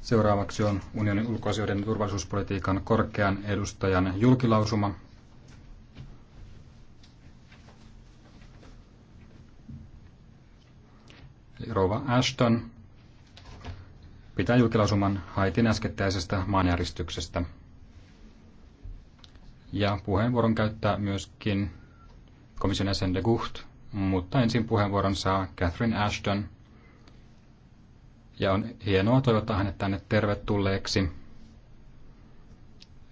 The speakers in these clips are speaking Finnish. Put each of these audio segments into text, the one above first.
Seuraavaksi on unionin ulkoasioiden ja turvallisuuspolitiikan korkean edustajan julkilausuma. Rova Ashton pitää julkilausuman Haitin äskettäisestä maanjäristyksestä. Ja puheenvuoron käyttää myöskin komission jäsen de Gucht, mutta ensin puheenvuoron saa Catherine Ashton – ja on hienoa toivottaa hänet tänne tervetulleeksi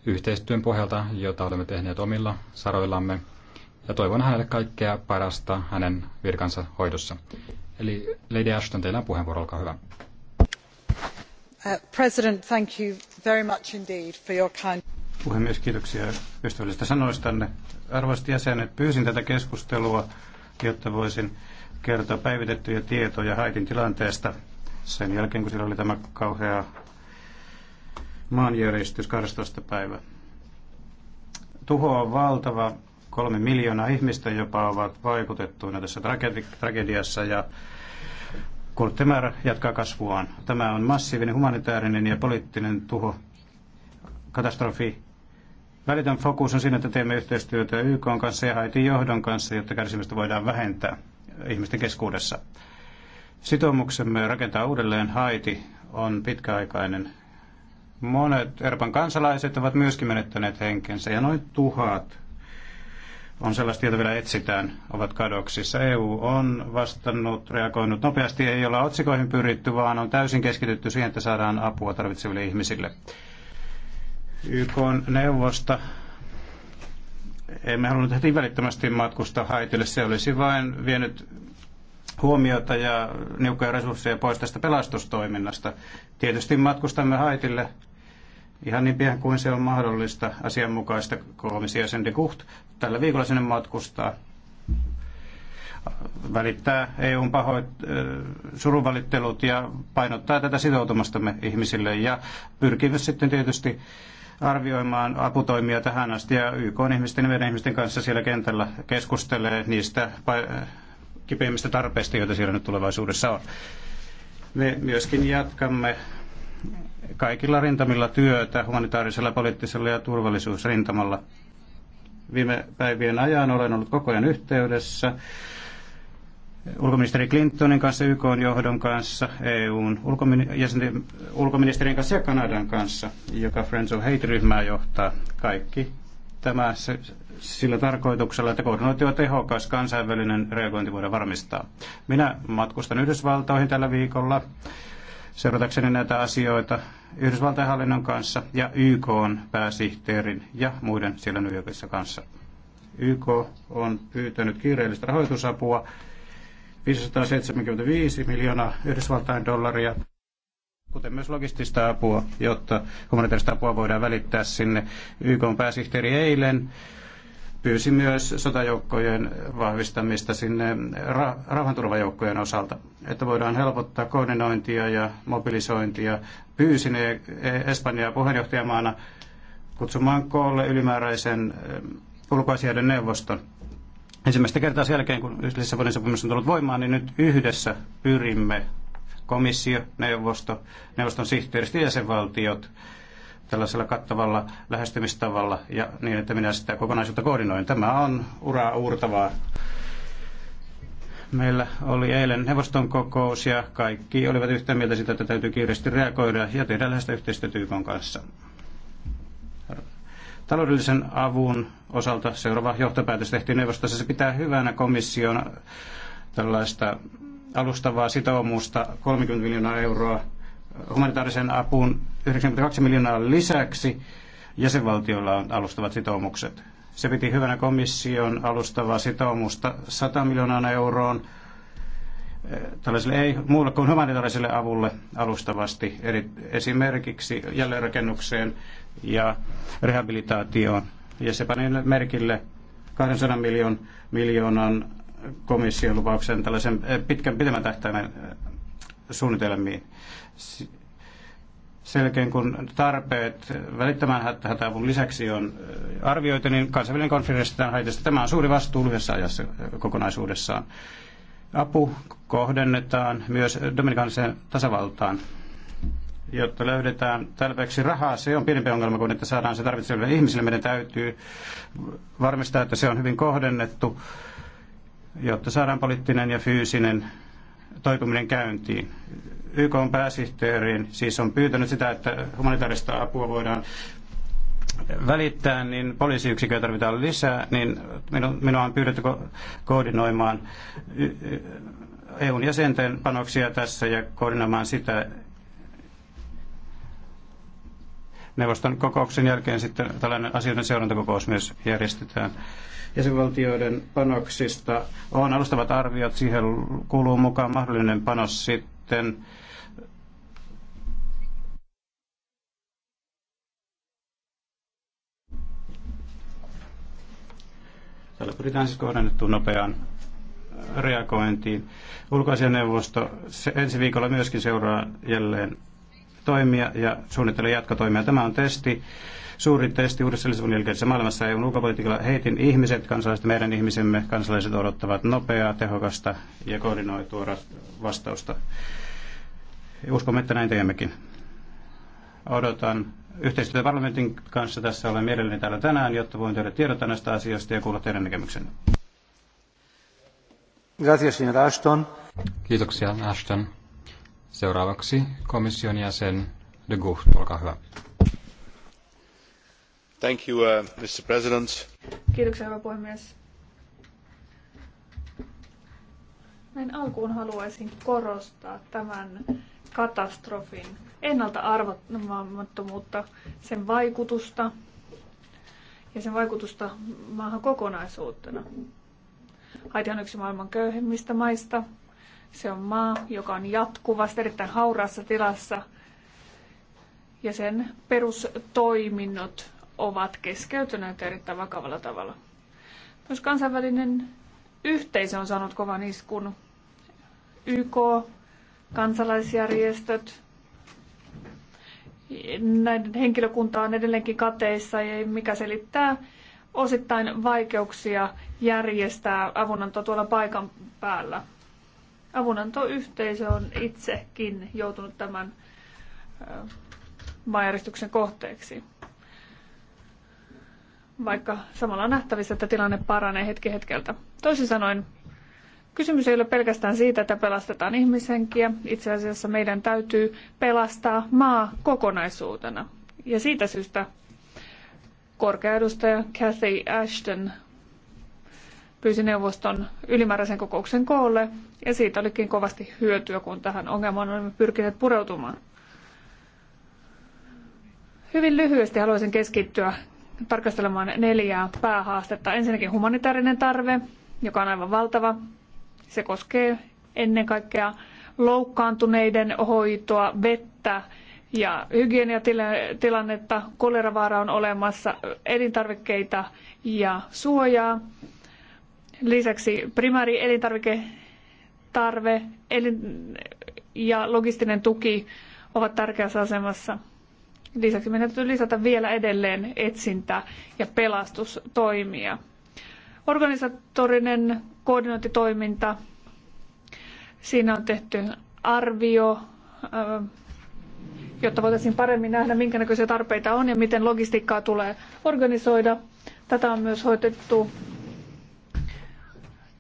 yhteistyön pohjalta, jota olemme tehneet omilla saroillamme. Ja toivon hänelle kaikkea parasta hänen virkansa hoidossa. Eli Lady Ashton, teillä on puheenvuoro, olkaa hyvä. Uh, President, thank you very much indeed for your kind... Puhemies, kiitoksia ystävällisistä sanoistanne. Arvoisat jäsenet, pyysin tätä keskustelua, jotta voisin kertoa päivitettyjä tietoja Haitin tilanteesta sen jälkeen, kun siellä oli tämä kauhea maanjäristys 12. päivä. Tuho on valtava. Kolme miljoonaa ihmistä jopa ovat vaikutettuina tässä tragediassa ja kulttimäärä jatkaa kasvuaan. Tämä on massiivinen humanitaarinen ja poliittinen tuho, katastrofi. Välitön fokus on siinä, että teemme yhteistyötä YK kanssa ja Haitin johdon kanssa, jotta kärsimystä voidaan vähentää ihmisten keskuudessa. Sitoumuksemme rakentaa uudelleen Haiti on pitkäaikainen. Monet Euroopan kansalaiset ovat myöskin menettäneet henkensä ja noin tuhat on sellaista, tietoa vielä etsitään, ovat kadoksissa. EU on vastannut, reagoinut nopeasti, ei olla otsikoihin pyritty, vaan on täysin keskitytty siihen, että saadaan apua tarvitseville ihmisille. YK on neuvosta. Emme halunnut heti välittömästi matkustaa Haitille, se olisi vain vienyt huomiota ja niukkoja resursseja pois tästä pelastustoiminnasta. Tietysti matkustamme Haitille ihan niin pian kuin se on mahdollista asianmukaista kolmisia sen de Gucht. Tällä viikolla sinne matkustaa välittää EUn pahoit, surunvalittelut ja painottaa tätä sitoutumastamme ihmisille ja pyrkivät sitten tietysti arvioimaan aputoimia tähän asti ja YK on ihmisten ja meidän ihmisten kanssa siellä kentällä keskustelee niistä kipeimmistä tarpeista, joita siellä nyt tulevaisuudessa on. Me myöskin jatkamme kaikilla rintamilla työtä humanitaarisella, poliittisella ja turvallisuusrintamalla. Viime päivien ajan olen ollut koko ajan yhteydessä ulkoministeri Clintonin kanssa, YK johdon kanssa, EUn ulkomin- ulkoministerin kanssa ja Kanadan kanssa, joka Friends of Hate-ryhmää johtaa. Kaikki tämä sillä tarkoituksella, että koordinoitu tehokas kansainvälinen reagointi voidaan varmistaa. Minä matkustan Yhdysvaltoihin tällä viikolla seuratakseni näitä asioita Yhdysvaltain hallinnon kanssa ja YK on pääsihteerin ja muiden siellä New Yorkissa kanssa. YK on pyytänyt kiireellistä rahoitusapua 575 miljoonaa Yhdysvaltain dollaria, kuten myös logistista apua, jotta humanitaarista apua voidaan välittää sinne. YK on pääsihteeri eilen pyysi myös sotajoukkojen vahvistamista sinne ra- rauhanturvajoukkojen osalta, että voidaan helpottaa koordinointia ja mobilisointia. Pyysin e-, e-, Espanjaa puheenjohtajamaana kutsumaan koolle ylimääräisen eh, ulkoasioiden neuvoston. Ensimmäistä kertaa sen jälkeen, kun Lissabonin sopimus on tullut voimaan, niin nyt yhdessä pyrimme komissio, neuvosto, neuvoston sihteeristö ja jäsenvaltiot tällaisella kattavalla lähestymistavalla ja niin, että minä sitä kokonaisuutta koordinoin. Tämä on uraa uurtavaa. Meillä oli eilen neuvoston kokous ja kaikki olivat yhtä mieltä sitä, että täytyy kiireesti reagoida ja tehdä lähestä yhteistyötä YK kanssa. Taloudellisen avun osalta seuraava johtopäätös tehtiin neuvostossa. Se pitää hyvänä komission tällaista alustavaa sitoumusta 30 miljoonaa euroa humanitaarisen apuun 92 miljoonaa lisäksi jäsenvaltioilla on alustavat sitoumukset. Se piti hyvänä komission alustavaa sitoumusta 100 miljoonaa euroon eh, tällaiselle ei muulle kuin humanitaariselle avulle alustavasti, eri, esimerkiksi jälleenrakennukseen ja rehabilitaatioon. Ja se pani merkille 200 miljoon, miljoonan komission lupauksen tällaisen eh, pitkän pitemmän tähtäimen eh, suunnitelmiin selkeän kun tarpeet välittämään hätäavun lisäksi on äh, arvioitu, niin kansainvälinen konferenssi tämän haitista. Tämä on suuri vastuu lyhyessä ajassa äh, kokonaisuudessaan. Apu kohdennetaan myös Dominikaaniseen tasavaltaan, jotta löydetään tarpeeksi rahaa. Se on pienempi ongelma kuin, että saadaan se tarvitseville ihmisille. Meidän täytyy varmistaa, että se on hyvin kohdennettu, jotta saadaan poliittinen ja fyysinen toipuminen käyntiin. YK on pääsihteeriin siis on pyytänyt sitä, että humanitaarista apua voidaan välittää, niin poliisiyksiköä tarvitaan lisää, niin minua on pyydetty ko- koordinoimaan EUn jäsenten panoksia tässä ja koordinoimaan sitä, Neuvoston kokouksen jälkeen sitten tällainen asioiden seurantakokous myös järjestetään. Jäsenvaltioiden panoksista on alustavat arviot, siihen kuuluu mukaan mahdollinen panos sitten Tällä pyritään siis kohdennettuun nopeaan reagointiin. Ulkoasianneuvosto ensi viikolla myöskin seuraa jälleen toimia ja suunnitella jatkotoimia. Tämä on testi, suuri testi uudessa Lisbonin jälkeisessä maailmassa EUn ulkopolitiikalla. Heitin ihmiset, kansalaiset, meidän ihmisemme, kansalaiset odottavat nopeaa, tehokasta ja koordinoitua vastausta. Uskomme, että näin teemmekin. Odotan yhteistyötä parlamentin kanssa. Tässä olen mielelläni täällä tänään, jotta voin tehdä tiedot näistä asioista ja kuulla teidän näkemyksenne. Gracias, Ashton. Kiitoksia, Ashton. Seuraavaksi komission jäsen de Gucht, olkaa hyvä. Thank you, uh, Mr. President. Kiitoksia, hyvä puhemies. Näin alkuun haluaisin korostaa tämän katastrofin ennalta arvaamattomuutta, sen vaikutusta ja sen vaikutusta maahan kokonaisuutena. Haiti on yksi maailman köyhimmistä maista, se on maa, joka on jatkuvasti erittäin hauraassa tilassa ja sen perustoiminnot ovat keskeytyneet erittäin vakavalla tavalla. Myös kansainvälinen yhteisö on saanut kovan iskun. YK, kansalaisjärjestöt, näiden henkilökunta on edelleenkin kateissa, mikä selittää osittain vaikeuksia järjestää avunantoa tuolla paikan päällä. Avunantoyhteisö on itsekin joutunut tämän maanjäristyksen kohteeksi. Vaikka samalla on nähtävissä, että tilanne paranee hetki hetkeltä. Toisin sanoen, kysymys ei ole pelkästään siitä, että pelastetaan ihmishenkiä. Itse asiassa meidän täytyy pelastaa maa kokonaisuutena. Ja siitä syystä korkea edustaja Cathy Ashton pyysi neuvoston ylimääräisen kokouksen koolle, ja siitä olikin kovasti hyötyä, kun tähän ongelmaan olemme pyrkineet pureutumaan. Hyvin lyhyesti haluaisin keskittyä tarkastelemaan neljää päähaastetta. Ensinnäkin humanitaarinen tarve, joka on aivan valtava. Se koskee ennen kaikkea loukkaantuneiden hoitoa, vettä ja hygieniatilannetta. Koleravaara on olemassa, elintarvikkeita ja suojaa. Lisäksi primääri elintarviketarve elin- ja logistinen tuki ovat tärkeässä asemassa. Lisäksi meidän täytyy lisätä vielä edelleen etsintä- ja pelastustoimia. Organisatorinen koordinointitoiminta. Siinä on tehty arvio, äh, jotta voitaisiin paremmin nähdä, minkä näköisiä tarpeita on ja miten logistiikkaa tulee organisoida. Tätä on myös hoitettu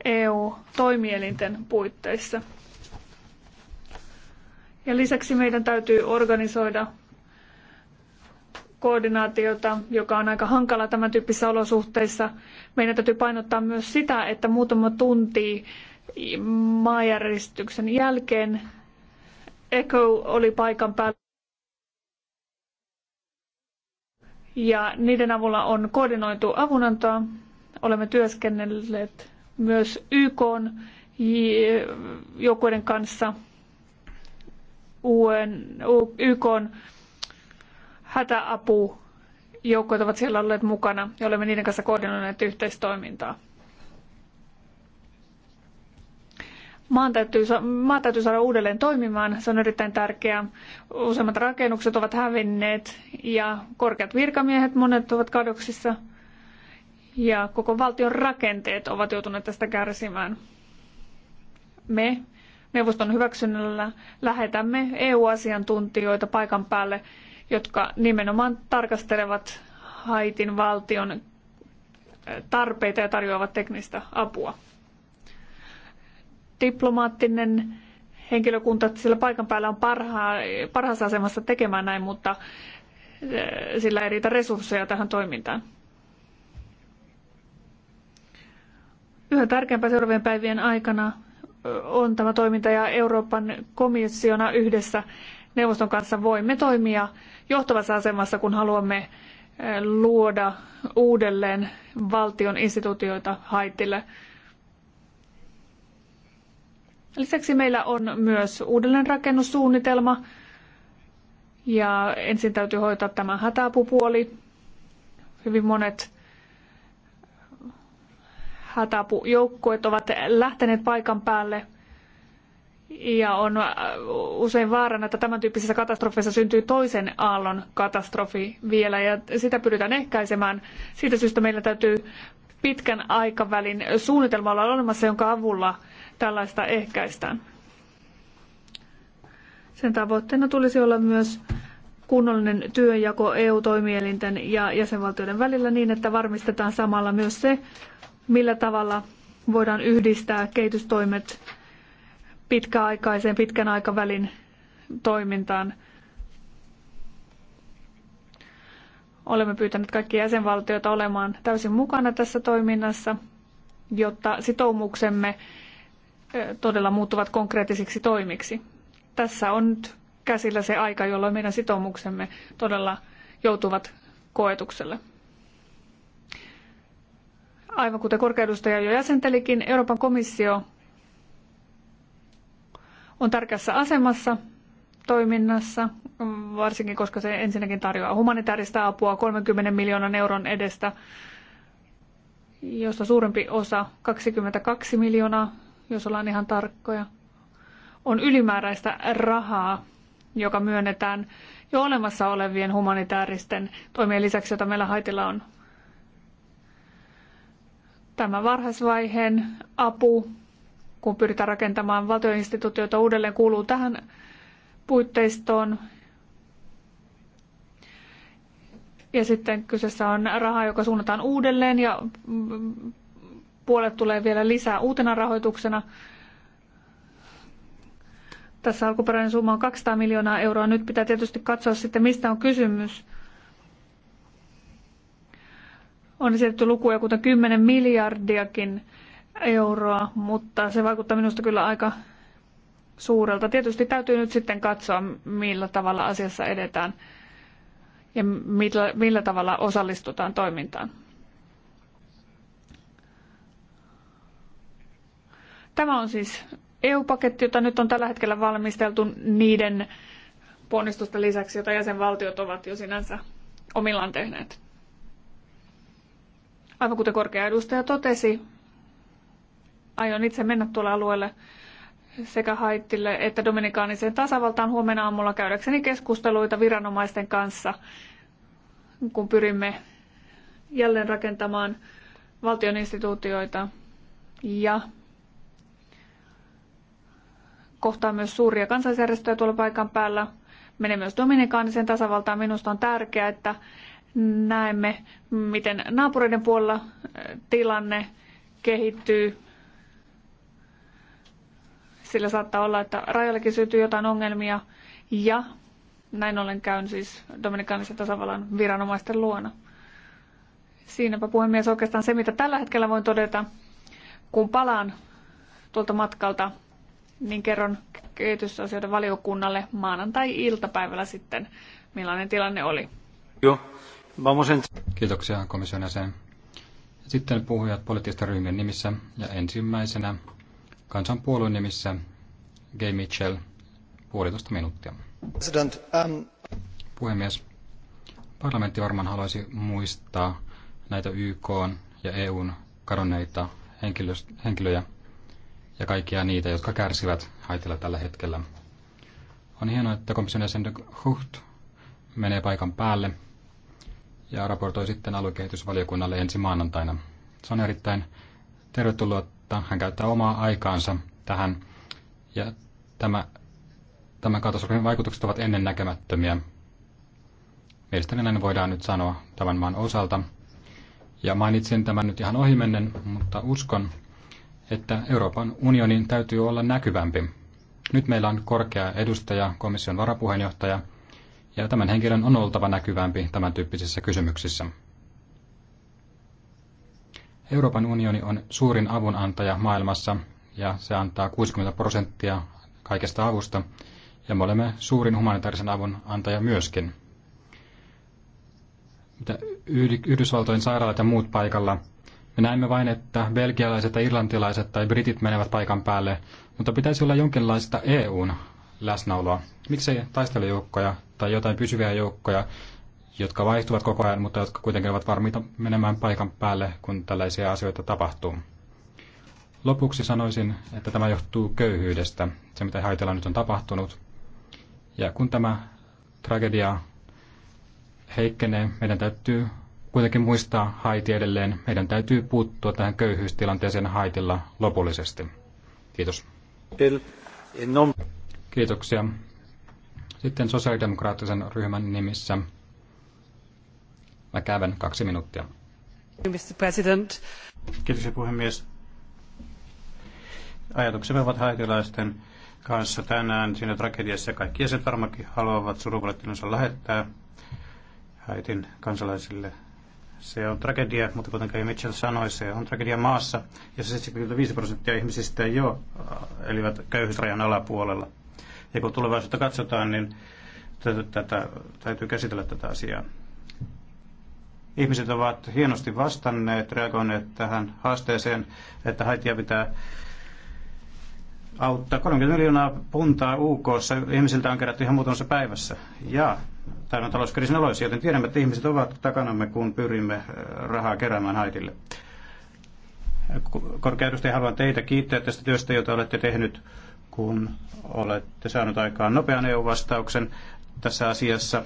EU-toimielinten puitteissa. Ja lisäksi meidän täytyy organisoida koordinaatiota, joka on aika hankala tämän tyyppisissä olosuhteissa. Meidän täytyy painottaa myös sitä, että muutama tunti maanjäristyksen jälkeen Echo oli paikan päällä. Ja niiden avulla on koordinoitu avunantoa. Olemme työskennelleet myös YK joukkueiden kanssa UN, YK hätäapu joukkueet ovat siellä olleet mukana ja olemme niiden kanssa koordinoineet yhteistoimintaa. Maan täytyy, maa täytyy saada uudelleen toimimaan, se on erittäin tärkeää. Useimmat rakennukset ovat hävinneet ja korkeat virkamiehet, monet ovat kadoksissa – ja koko valtion rakenteet ovat joutuneet tästä kärsimään. Me neuvoston hyväksynnällä lähetämme EU-asiantuntijoita paikan päälle, jotka nimenomaan tarkastelevat Haitin valtion eh, tarpeita ja tarjoavat teknistä apua. Diplomaattinen henkilökunta sillä paikan päällä on parha, parhaassa asemassa tekemään näin, mutta eh, sillä ei riitä resursseja tähän toimintaan. yhä tärkeämpää seuraavien päivien aikana on tämä toiminta ja Euroopan komissiona yhdessä neuvoston kanssa voimme toimia johtavassa asemassa, kun haluamme luoda uudelleen valtion instituutioita Haitille. Lisäksi meillä on myös uudelleenrakennussuunnitelma ja ensin täytyy hoitaa tämä hätäapupuoli. Hyvin monet hätäapujoukkueet ovat lähteneet paikan päälle ja on äh, usein vaarana, että tämän tyyppisissä katastrofeissa syntyy toisen aallon katastrofi vielä ja sitä pyritään ehkäisemään. Siitä syystä meillä täytyy pitkän aikavälin suunnitelma olla olemassa, jonka avulla tällaista ehkäistään. Sen tavoitteena tulisi olla myös kunnollinen työnjako EU-toimielinten ja jäsenvaltioiden välillä niin, että varmistetaan samalla myös se, millä tavalla voidaan yhdistää kehitystoimet pitkäaikaiseen, pitkän aikavälin toimintaan. Olemme pyytäneet kaikkia jäsenvaltioita olemaan täysin mukana tässä toiminnassa, jotta sitoumuksemme todella muuttuvat konkreettisiksi toimiksi. Tässä on nyt käsillä se aika, jolloin meidän sitoumuksemme todella joutuvat koetukselle aivan kuten korkeudustaja jo jäsentelikin, Euroopan komissio on tärkeässä asemassa toiminnassa, varsinkin koska se ensinnäkin tarjoaa humanitaarista apua 30 miljoonan euron edestä, josta suurempi osa, 22 miljoonaa, jos ollaan ihan tarkkoja, on ylimääräistä rahaa, joka myönnetään jo olemassa olevien humanitaaristen toimien lisäksi, jota meillä Haitilla on Tämä varhaisvaiheen apu, kun pyritään rakentamaan valtioinstituutioita uudelleen, kuuluu tähän puitteistoon. Ja sitten kyseessä on raha, joka suunnataan uudelleen ja puolet tulee vielä lisää uutena rahoituksena. Tässä alkuperäinen summa on 200 miljoonaa euroa. Nyt pitää tietysti katsoa sitten, mistä on kysymys on esitetty lukuja kuten 10 miljardiakin euroa, mutta se vaikuttaa minusta kyllä aika suurelta. Tietysti täytyy nyt sitten katsoa, millä tavalla asiassa edetään ja millä, millä tavalla osallistutaan toimintaan. Tämä on siis EU-paketti, jota nyt on tällä hetkellä valmisteltu niiden ponnistusten lisäksi, jota jäsenvaltiot ovat jo sinänsä omillaan tehneet. Aivan kuten korkea edustaja totesi, aion itse mennä tuolle alueelle sekä Haittille että Dominikaaniseen tasavaltaan huomenna aamulla käydäkseni keskusteluita viranomaisten kanssa, kun pyrimme jälleen rakentamaan valtion instituutioita ja kohtaa myös suuria kansalaisjärjestöjä tuolla paikan päällä. Menee myös Dominikaanisen tasavaltaan. Minusta on tärkeää, että Näemme, miten naapureiden puolella eh, tilanne kehittyy. Sillä saattaa olla, että rajallakin syntyy jotain ongelmia ja näin ollen käyn siis Dominikaanisen tasavallan viranomaisten luona. Siinäpä puhemies oikeastaan se, mitä tällä hetkellä voin todeta, kun palaan tuolta matkalta, niin kerron kehitysasioiden valiokunnalle maanantai-iltapäivällä sitten, millainen tilanne oli. Joo. Kiitoksia komission jäsen. Sitten puhujat poliittisten ryhmien nimissä ja ensimmäisenä kansanpuolueen nimissä Gay Mitchell, puolitoista minuuttia. President, um... Puhemies, parlamentti varmaan haluaisi muistaa näitä YK ja EUn kadonneita henkilöjä ja kaikkia niitä, jotka kärsivät haitilla tällä hetkellä. On hienoa, että komission jäsen Hucht menee paikan päälle – ja raportoi sitten aluekehitysvaliokunnalle ensi maanantaina. Se on erittäin tervetuloa, että hän käyttää omaa aikaansa tähän ja tämä, tämän katastrofin vaikutukset ovat ennennäkemättömiä. Mielestäni näin voidaan nyt sanoa tämän maan osalta. Ja mainitsin tämän nyt ihan ohimennen, mutta uskon, että Euroopan unionin täytyy olla näkyvämpi. Nyt meillä on korkea edustaja, komission varapuheenjohtaja – ja tämän henkilön on oltava näkyvämpi tämän tyyppisissä kysymyksissä. Euroopan unioni on suurin avunantaja maailmassa ja se antaa 60 prosenttia kaikesta avusta ja me olemme suurin humanitaarisen avun antaja myöskin. Mitä Yhdysvaltojen sairaalat ja muut paikalla, me näemme vain, että belgialaiset tai irlantilaiset tai britit menevät paikan päälle, mutta pitäisi olla jonkinlaista EUn läsnäoloa. Miksei taistelujoukkoja tai jotain pysyviä joukkoja, jotka vaihtuvat koko ajan, mutta jotka kuitenkin ovat varmiita menemään paikan päälle, kun tällaisia asioita tapahtuu. Lopuksi sanoisin, että tämä johtuu köyhyydestä, se mitä Haitella nyt on tapahtunut. Ja kun tämä tragedia heikkenee, meidän täytyy kuitenkin muistaa Haiti edelleen. Meidän täytyy puuttua tähän köyhyystilanteeseen Haitilla lopullisesti. Kiitos. Kiitoksia. Sitten sosiaalidemokraattisen ryhmän nimissä käven kaksi minuuttia. Mr. President. Kiitos puhemies. Ajatuksemme ovat haitilaisten kanssa tänään siinä tragediassa. Kaikki jäsenet varmaankin haluavat surunvalittelunsa lähettää Haitin kansalaisille. Se on tragedia, mutta kuten Kai Mitchell sanoi, se on tragedia maassa, jossa 75 prosenttia ihmisistä jo äh, elivät köyhyysrajan alapuolella. Ja kun tulevaisuutta katsotaan, niin tätä, täytyy käsitellä tätä asiaa. Ihmiset ovat hienosti vastanneet, reagoineet tähän haasteeseen, että Haitia pitää auttaa. 30 miljoonaa puntaa UK ihmisiltä on kerätty ihan muutamassa päivässä. Ja tämä on talouskriisin oloissa, joten tiedämme, että ihmiset ovat takanamme, kun pyrimme äh, rahaa keräämään Haitille. Korkea haluan teitä kiittää tästä työstä, jota olette tehnyt kun olette saanut aikaan nopean EU-vastauksen tässä asiassa.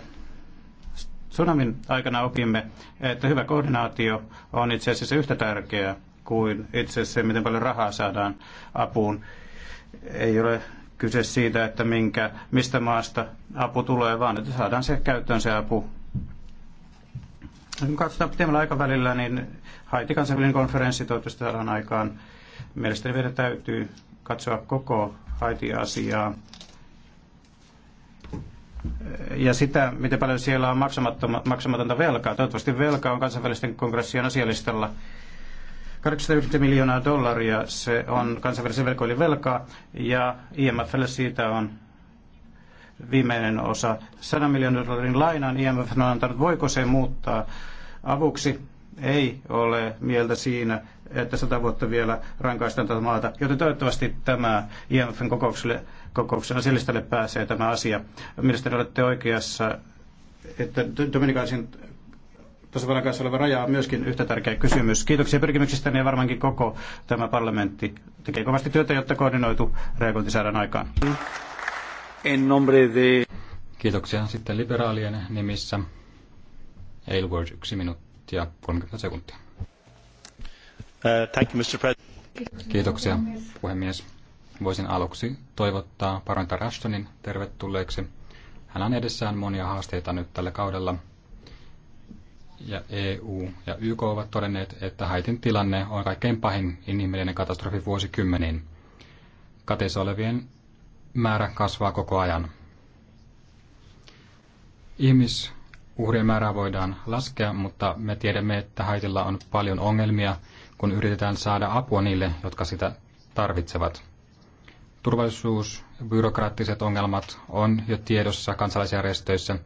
Tsunamin aikana opimme, että hyvä koordinaatio on itse asiassa yhtä tärkeää kuin itse asiassa miten paljon rahaa saadaan apuun. Ei ole kyse siitä, että minkä, mistä maasta apu tulee, vaan että saadaan se käyttöön se apu. Kun katsotaan pitemmällä aikavälillä, niin Haiti kansainvälinen konferenssi toivottavasti saadaan aikaan. Mielestäni meidän täytyy katsoa koko Haiti-asiaa ja sitä, miten paljon siellä on maksamatonta velkaa. Toivottavasti velka on kansainvälisten kongressien asialistalla. 890 miljoonaa dollaria se on kansainvälisen velkoilin velkaa ja IMFlle siitä on viimeinen osa. 100 miljoonan dollarin lainan IMF on antanut. Voiko se muuttaa avuksi? Ei ole mieltä siinä että sata vuotta vielä rankaistaan tätä tuota maata. Joten toivottavasti tämä IMFn kokoukselle, kokouksen asialistalle pääsee tämä asia. Mielestäni olette oikeassa, että Dominikaisin tasavallan kanssa oleva raja on myöskin yhtä tärkeä kysymys. Kiitoksia pyrkimyksistä ja varmaankin koko tämä parlamentti tekee kovasti työtä, jotta koordinoitu reagointi saadaan aikaan. En nombre de... Kiitoksia sitten liberaalien nimissä. Aylward, yksi minuuttia 30 sekuntia. Uh, arvoisa Kiitoksia, puhemies. Voisin aluksi toivottaa Paronta ashtonin tervetulleeksi. Hän on edessään monia haasteita nyt tällä kaudella. Ja EU ja YK ovat todenneet, että Haitin tilanne on kaikkein pahin inhimillinen katastrofi vuosikymmeniin. Kateissa olevien määrä kasvaa koko ajan. Ihmisuhrien määrää voidaan laskea, mutta me tiedämme, että Haitilla on paljon ongelmia – kun yritetään saada apua niille, jotka sitä tarvitsevat. Turvallisuus, byrokraattiset ongelmat on jo tiedossa kansalaisjärjestöissä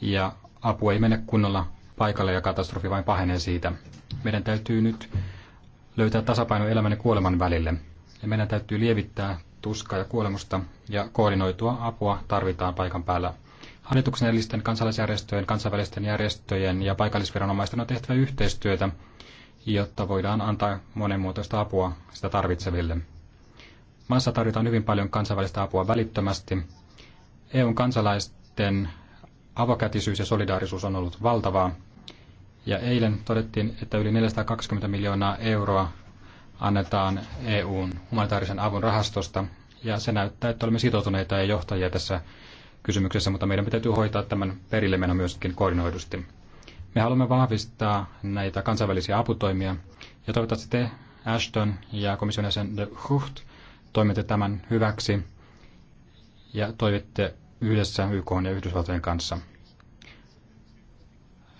ja apu ei mene kunnolla paikalle ja katastrofi vain pahenee siitä. Meidän täytyy nyt löytää tasapaino elämän ja kuoleman välille. Ja meidän täytyy lievittää tuskaa ja kuolemusta ja koordinoitua apua tarvitaan paikan päällä. Hallituksen edellisten kansalaisjärjestöjen, kansainvälisten järjestöjen ja paikallisviranomaisten on tehtävä yhteistyötä jotta voidaan antaa monenmuotoista apua sitä tarvitseville. Maassa tarvitaan hyvin paljon kansainvälistä apua välittömästi. EUn kansalaisten avokätisyys ja solidaarisuus on ollut valtavaa. Ja eilen todettiin, että yli 420 miljoonaa euroa annetaan EUn humanitaarisen avun rahastosta. Ja se näyttää, että olemme sitoutuneita ja johtajia tässä kysymyksessä, mutta meidän täytyy hoitaa tämän perillemeno myöskin koordinoidusti. Me haluamme vahvistaa näitä kansainvälisiä aputoimia ja toivottavasti te, Ashton ja komission jäsen de Hucht, toimitte tämän hyväksi ja toivitte yhdessä YK ja Yhdysvaltojen kanssa.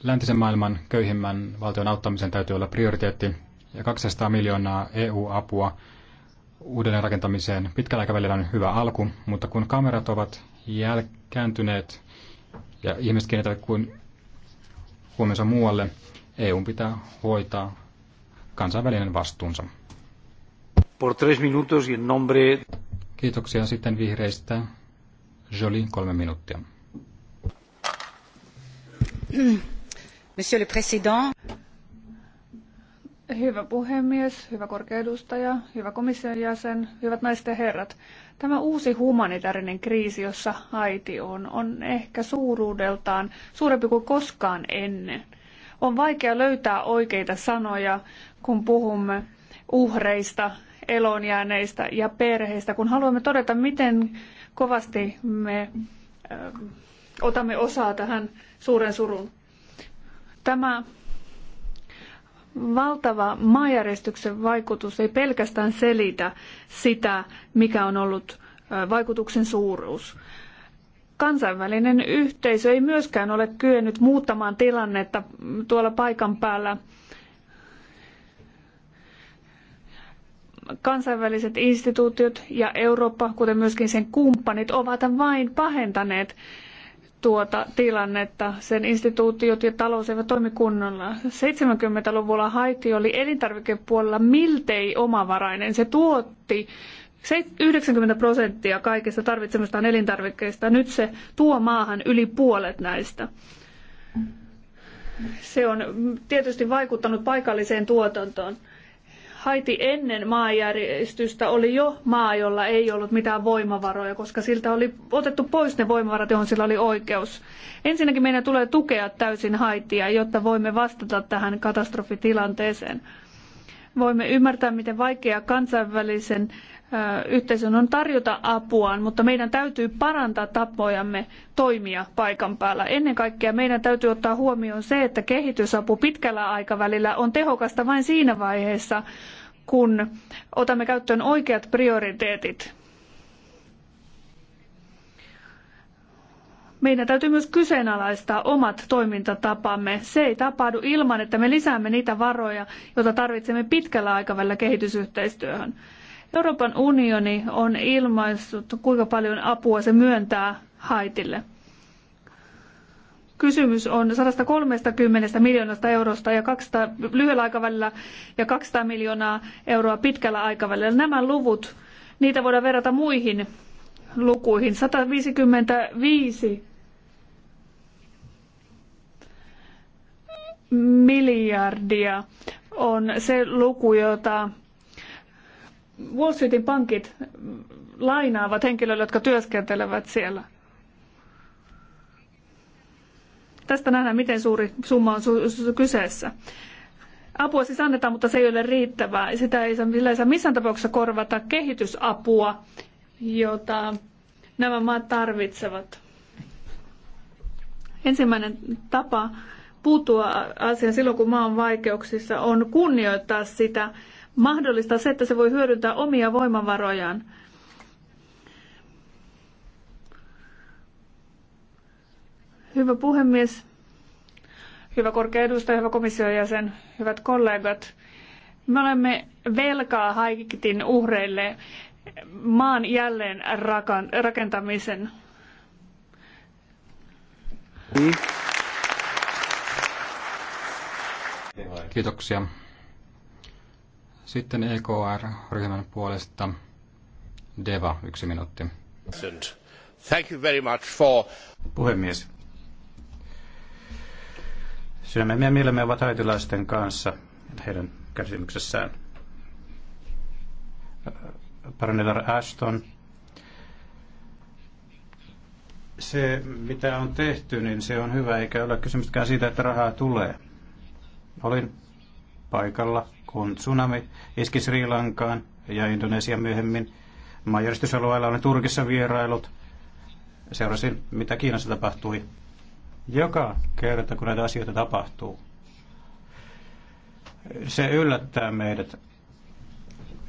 Läntisen maailman köyhimmän valtion auttamisen täytyy olla prioriteetti ja 200 miljoonaa EU-apua uudelleenrakentamiseen pitkällä aikavälillä on hyvä alku, mutta kun kamerat ovat jälkääntyneet ja ihmiset kiinnittävät kuin huomensa muualle, EU pitää hoitaa kansainvälinen vastuunsa. Por tres minutos y en nombre... Kiitoksia sitten vihreistä. Joli, kolme minuuttia. Monsieur le Président. Hyvä puhemies, hyvä korkeudustaja, hyvä komission jäsen, hyvät naiset ja herrat. Tämä uusi humanitaarinen kriisi, jossa Haiti on, on ehkä suuruudeltaan suurempi kuin koskaan ennen. On vaikea löytää oikeita sanoja, kun puhumme uhreista, elonjääneistä ja perheistä, kun haluamme todeta, miten kovasti me otamme osaa tähän suuren surun. Tämä valtava maanjäristyksen vaikutus ei pelkästään selitä sitä, mikä on ollut vaikutuksen suuruus. Kansainvälinen yhteisö ei myöskään ole kyennyt muuttamaan tilannetta tuolla paikan päällä. Kansainväliset instituutiot ja Eurooppa, kuten myöskin sen kumppanit, ovat vain pahentaneet tuota tilannetta. Sen instituutiot ja talous eivät toimi kunnolla. 70-luvulla Haiti oli elintarvikepuolella miltei omavarainen. Se tuotti 90 prosenttia kaikista tarvitsemistaan elintarvikkeista. Nyt se tuo maahan yli puolet näistä. Se on tietysti vaikuttanut paikalliseen tuotantoon. Haiti ennen maanjäristystä oli jo maa, jolla ei ollut mitään voimavaroja, koska siltä oli otettu pois ne voimavarat, johon sillä oli oikeus. Ensinnäkin meidän tulee tukea täysin Haitia, jotta voimme vastata tähän katastrofitilanteeseen voimme ymmärtää, miten vaikeaa kansainvälisen yhteisön on tarjota apuaan, mutta meidän täytyy parantaa tapojamme toimia paikan päällä. Ennen kaikkea meidän täytyy ottaa huomioon se, että kehitysapu pitkällä aikavälillä on tehokasta vain siinä vaiheessa, kun otamme käyttöön oikeat prioriteetit Meidän täytyy myös kyseenalaistaa omat toimintatapamme. Se ei tapahdu ilman, että me lisäämme niitä varoja, joita tarvitsemme pitkällä aikavälillä kehitysyhteistyöhön. Euroopan unioni on ilmaissut, kuinka paljon apua se myöntää Haitille. Kysymys on 130 miljoonasta eurosta ja 200, lyhyellä aikavälillä ja 200 miljoonaa euroa pitkällä aikavälillä. Nämä luvut, niitä voidaan verrata muihin lukuihin. 155 miljardia on se luku, jota Wall Streetin pankit lainaavat henkilöille, jotka työskentelevät siellä. Tästä nähdään, miten suuri summa on kyseessä. Apua siis annetaan, mutta se ei ole riittävää. Sitä ei saa, ei saa missään tapauksessa korvata kehitysapua, jota nämä maat tarvitsevat. Ensimmäinen tapa puuttua asiaan silloin, kun maa on vaikeuksissa, on kunnioittaa sitä, mahdollistaa se, että se voi hyödyntää omia voimavarojaan. Hyvä puhemies, hyvä korkea edustaja, hyvä komission jäsen, hyvät kollegat. Me olemme velkaa haikitin uhreille maan jälleen rakentamisen. Mm. Kiitoksia. Sitten EKR-ryhmän puolesta Deva, yksi minuutti. Thank you very much for... Puhemies. Sydämemme ja mielemme ovat haitilaisten kanssa heidän kärsimyksessään. Paranelar Ashton. Se, mitä on tehty, niin se on hyvä, eikä ole kysymystäkään siitä, että rahaa tulee. Olin paikalla, kun tsunami iski Sri Lankaan ja Indonesia myöhemmin. Maanjäristysalueella oli Turkissa vierailut. Seurasin, mitä Kiinassa tapahtui. Joka kerta, kun näitä asioita tapahtuu, se yllättää meidät.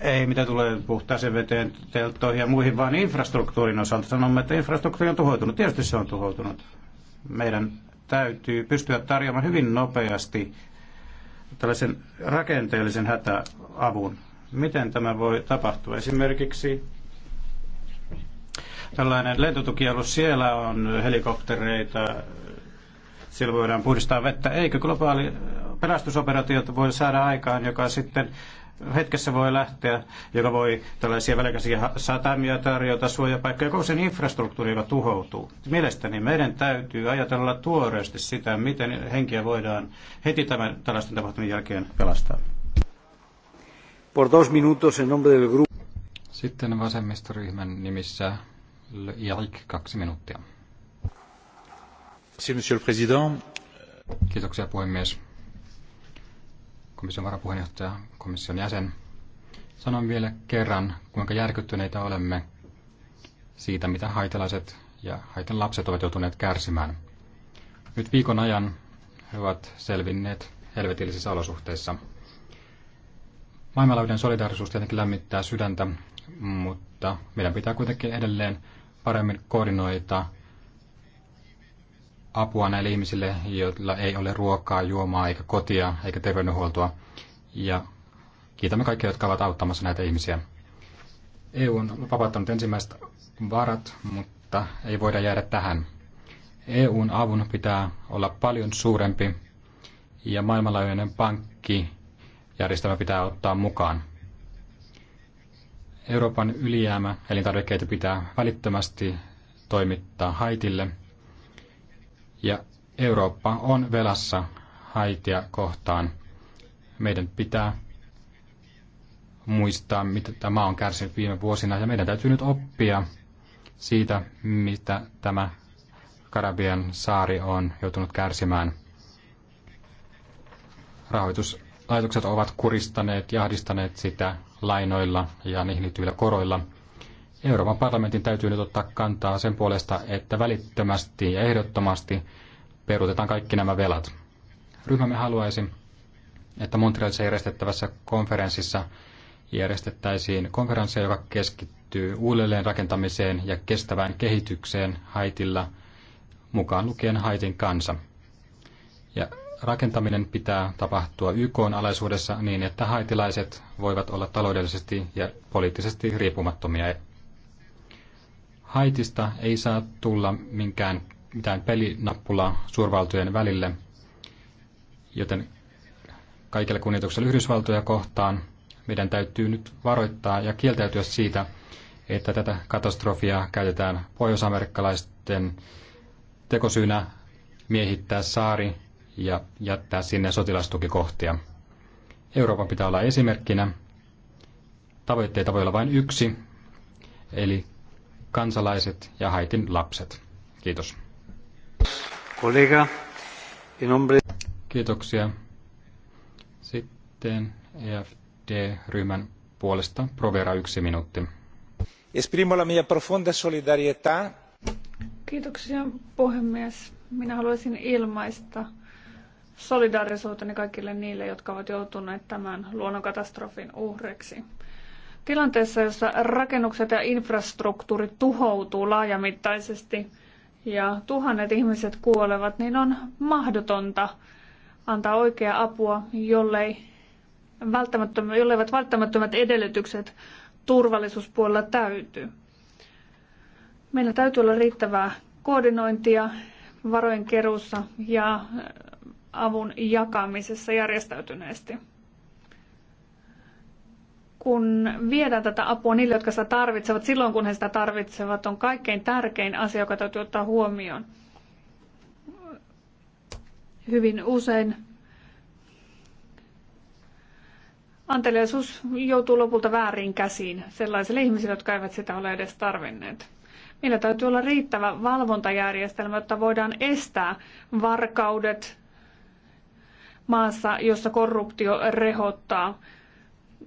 Ei mitä tulee puhtaaseen veteen, telttoihin ja muihin, vaan infrastruktuurin osalta sanomme, että infrastruktuuri on tuhoutunut. Tietysti se on tuhoutunut. Meidän täytyy pystyä tarjoamaan hyvin nopeasti tällaisen rakenteellisen hätäavun. Miten tämä voi tapahtua? Esimerkiksi tällainen lentotukialus, siellä on helikoptereita, siellä voidaan puhdistaa vettä. Eikö globaali pelastusoperaatiota voi saada aikaan, joka sitten hetkessä voi lähteä, joka voi tällaisia välikäisiä satamia tarjota suojapaikkoja, koko sen infrastruktuuri, joka tuhoutuu. Mielestäni meidän täytyy ajatella tuoreesti sitä, miten henkiä voidaan heti tämän tällaisten tapahtumien jälkeen pelastaa. Por dos minutos en nombre del grupo. Sitten vasemmistoryhmän nimissä Jarik, kaksi minuuttia. Monsieur le Président. Kiitoksia puhemies komission varapuheenjohtaja, komission jäsen. Sanon vielä kerran, kuinka järkyttyneitä olemme siitä, mitä haitalaiset ja haiten lapset ovat joutuneet kärsimään. Nyt viikon ajan he ovat selvinneet helvetillisissä olosuhteissa. Maailmanlaajuinen solidaarisuus tietenkin lämmittää sydäntä, mutta meidän pitää kuitenkin edelleen paremmin koordinoida apua näille ihmisille, joilla ei ole ruokaa, juomaa eikä kotia eikä terveydenhuoltoa. Ja kiitämme kaikkia, jotka ovat auttamassa näitä ihmisiä. EU on vapauttanut ensimmäiset varat, mutta ei voida jäädä tähän. EUn avun pitää olla paljon suurempi ja maailmanlaajuinen pankkijärjestelmä pitää ottaa mukaan. Euroopan ylijäämä elintarvikkeita pitää välittömästi toimittaa Haitille – ja Eurooppa on velassa Haitia kohtaan. Meidän pitää muistaa, mitä tämä on kärsinyt viime vuosina, ja meidän täytyy nyt oppia siitä, mitä tämä Karabian saari on joutunut kärsimään. Rahoituslaitokset ovat kuristaneet ja ahdistaneet sitä lainoilla ja niihin liittyvillä koroilla – Euroopan parlamentin täytyy nyt ottaa kantaa sen puolesta, että välittömästi ja ehdottomasti peruutetaan kaikki nämä velat. Ryhmämme haluaisi, että Montrealissa järjestettävässä konferenssissa järjestettäisiin konferenssia, joka keskittyy uudelleen rakentamiseen ja kestävään kehitykseen Haitilla, mukaan lukien Haitin kansa. Ja rakentaminen pitää tapahtua YK alaisuudessa niin, että haitilaiset voivat olla taloudellisesti ja poliittisesti riippumattomia Haitista ei saa tulla minkään mitään pelinappulaa suurvaltojen välille, joten kaikilla kunnioituksella Yhdysvaltoja kohtaan meidän täytyy nyt varoittaa ja kieltäytyä siitä, että tätä katastrofia käytetään pohjoisamerikkalaisten tekosyynä miehittää saari ja jättää sinne sotilastukikohtia. Euroopan pitää olla esimerkkinä. Tavoitteita voi olla vain yksi, eli kansalaiset ja Haitin lapset. Kiitos. Kollega, nombre... Kiitoksia. Sitten EFD-ryhmän puolesta Provera yksi minuutti. Esprimo la mia profonda solidarietà. Kiitoksia puhemies. Minä haluaisin ilmaista solidaarisuuteni kaikille niille, jotka ovat joutuneet tämän luonnonkatastrofin uhreiksi. Tilanteessa, jossa rakennukset ja infrastruktuuri tuhoutuu laajamittaisesti ja tuhannet ihmiset kuolevat, niin on mahdotonta antaa oikeaa apua, jollei välttämättömät, jolleivät välttämättömät edellytykset turvallisuuspuolella täytyy. Meillä täytyy olla riittävää koordinointia varojen keruussa ja avun jakamisessa järjestäytyneesti kun viedään tätä apua niille, jotka sitä tarvitsevat, silloin kun he sitä tarvitsevat, on kaikkein tärkein asia, joka täytyy ottaa huomioon. Hyvin usein anteliaisuus joutuu lopulta väärin käsiin sellaisille ihmisille, jotka eivät sitä ole edes tarvinneet. Meillä täytyy olla riittävä valvontajärjestelmä, jotta voidaan estää varkaudet maassa, jossa korruptio rehottaa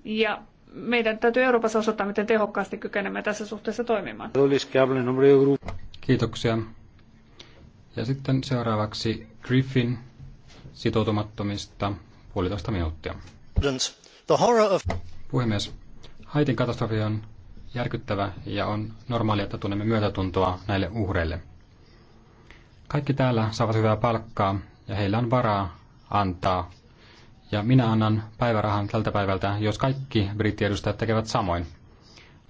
ja meidän täytyy Euroopassa osoittaa, miten tehokkaasti kykenemme tässä suhteessa toimimaan. Kiitoksia. Ja sitten seuraavaksi Griffin sitoutumattomista puolitoista minuuttia. Of... Puhemies, Haitin katastrofi on järkyttävä ja on normaalia, että tunnemme myötätuntoa näille uhreille. Kaikki täällä saavat hyvää palkkaa ja heillä on varaa antaa ja minä annan päivärahan tältä päivältä, jos kaikki brittiedustajat tekevät samoin.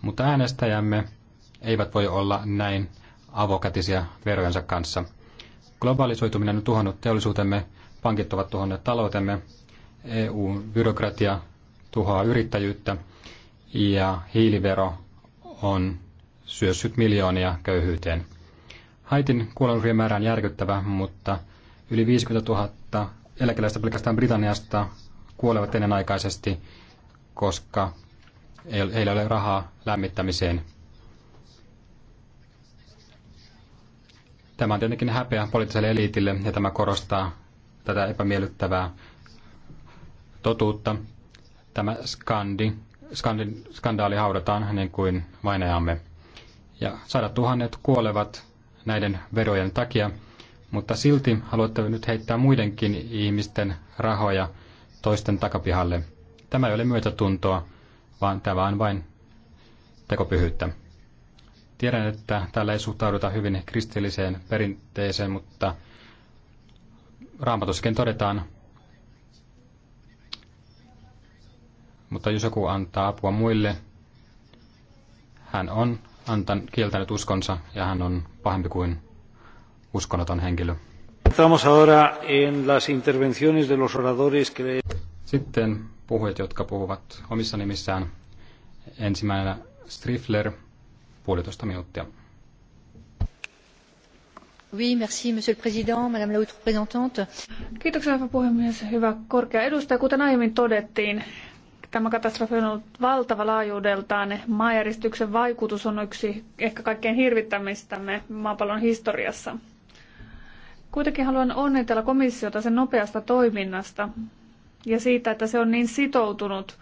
Mutta äänestäjämme eivät voi olla näin avokätisiä verojensa kanssa. Globalisoituminen on tuhannut teollisuutemme, pankit ovat tuhonneet taloutemme, EU-byrokratia tuhoaa yrittäjyyttä ja hiilivero on syössyt miljoonia köyhyyteen. Haitin kuolonuhrien määrä on järkyttävä, mutta yli 50 000 eläkeläistä pelkästään Britanniasta kuolevat ennenaikaisesti, koska heillä ei ole rahaa lämmittämiseen. Tämä on tietenkin häpeä poliittiselle eliitille ja tämä korostaa tätä epämiellyttävää totuutta. Tämä skandi, skandi, skandaali haudataan niin kuin vainajamme. Ja sadat tuhannet kuolevat näiden verojen takia mutta silti haluatte nyt heittää muidenkin ihmisten rahoja toisten takapihalle. Tämä ei ole myötätuntoa, vaan tämä on vain tekopyhyyttä. Tiedän, että täällä ei suhtauduta hyvin kristilliseen perinteeseen, mutta raamatuskin todetaan, mutta jos joku antaa apua muille, hän on antan, kieltänyt uskonsa ja hän on pahempi kuin uskonnoton henkilö. Sitten puhujat, jotka puhuvat omissa nimissään. Ensimmäinen Strifler, puolitoista minuuttia. Oui, merci, monsieur le président, madame la haute représentante. Kiitoksia, hyvä puhemies. Hyvä korkea edustaja. Kuten aiemmin todettiin, tämä katastrofi on ollut valtava laajuudeltaan. Maajäristyksen vaikutus on yksi ehkä kaikkein hirvittämistämme maapallon historiassa. Kuitenkin haluan onnitella komissiota sen nopeasta toiminnasta ja siitä, että se on niin sitoutunut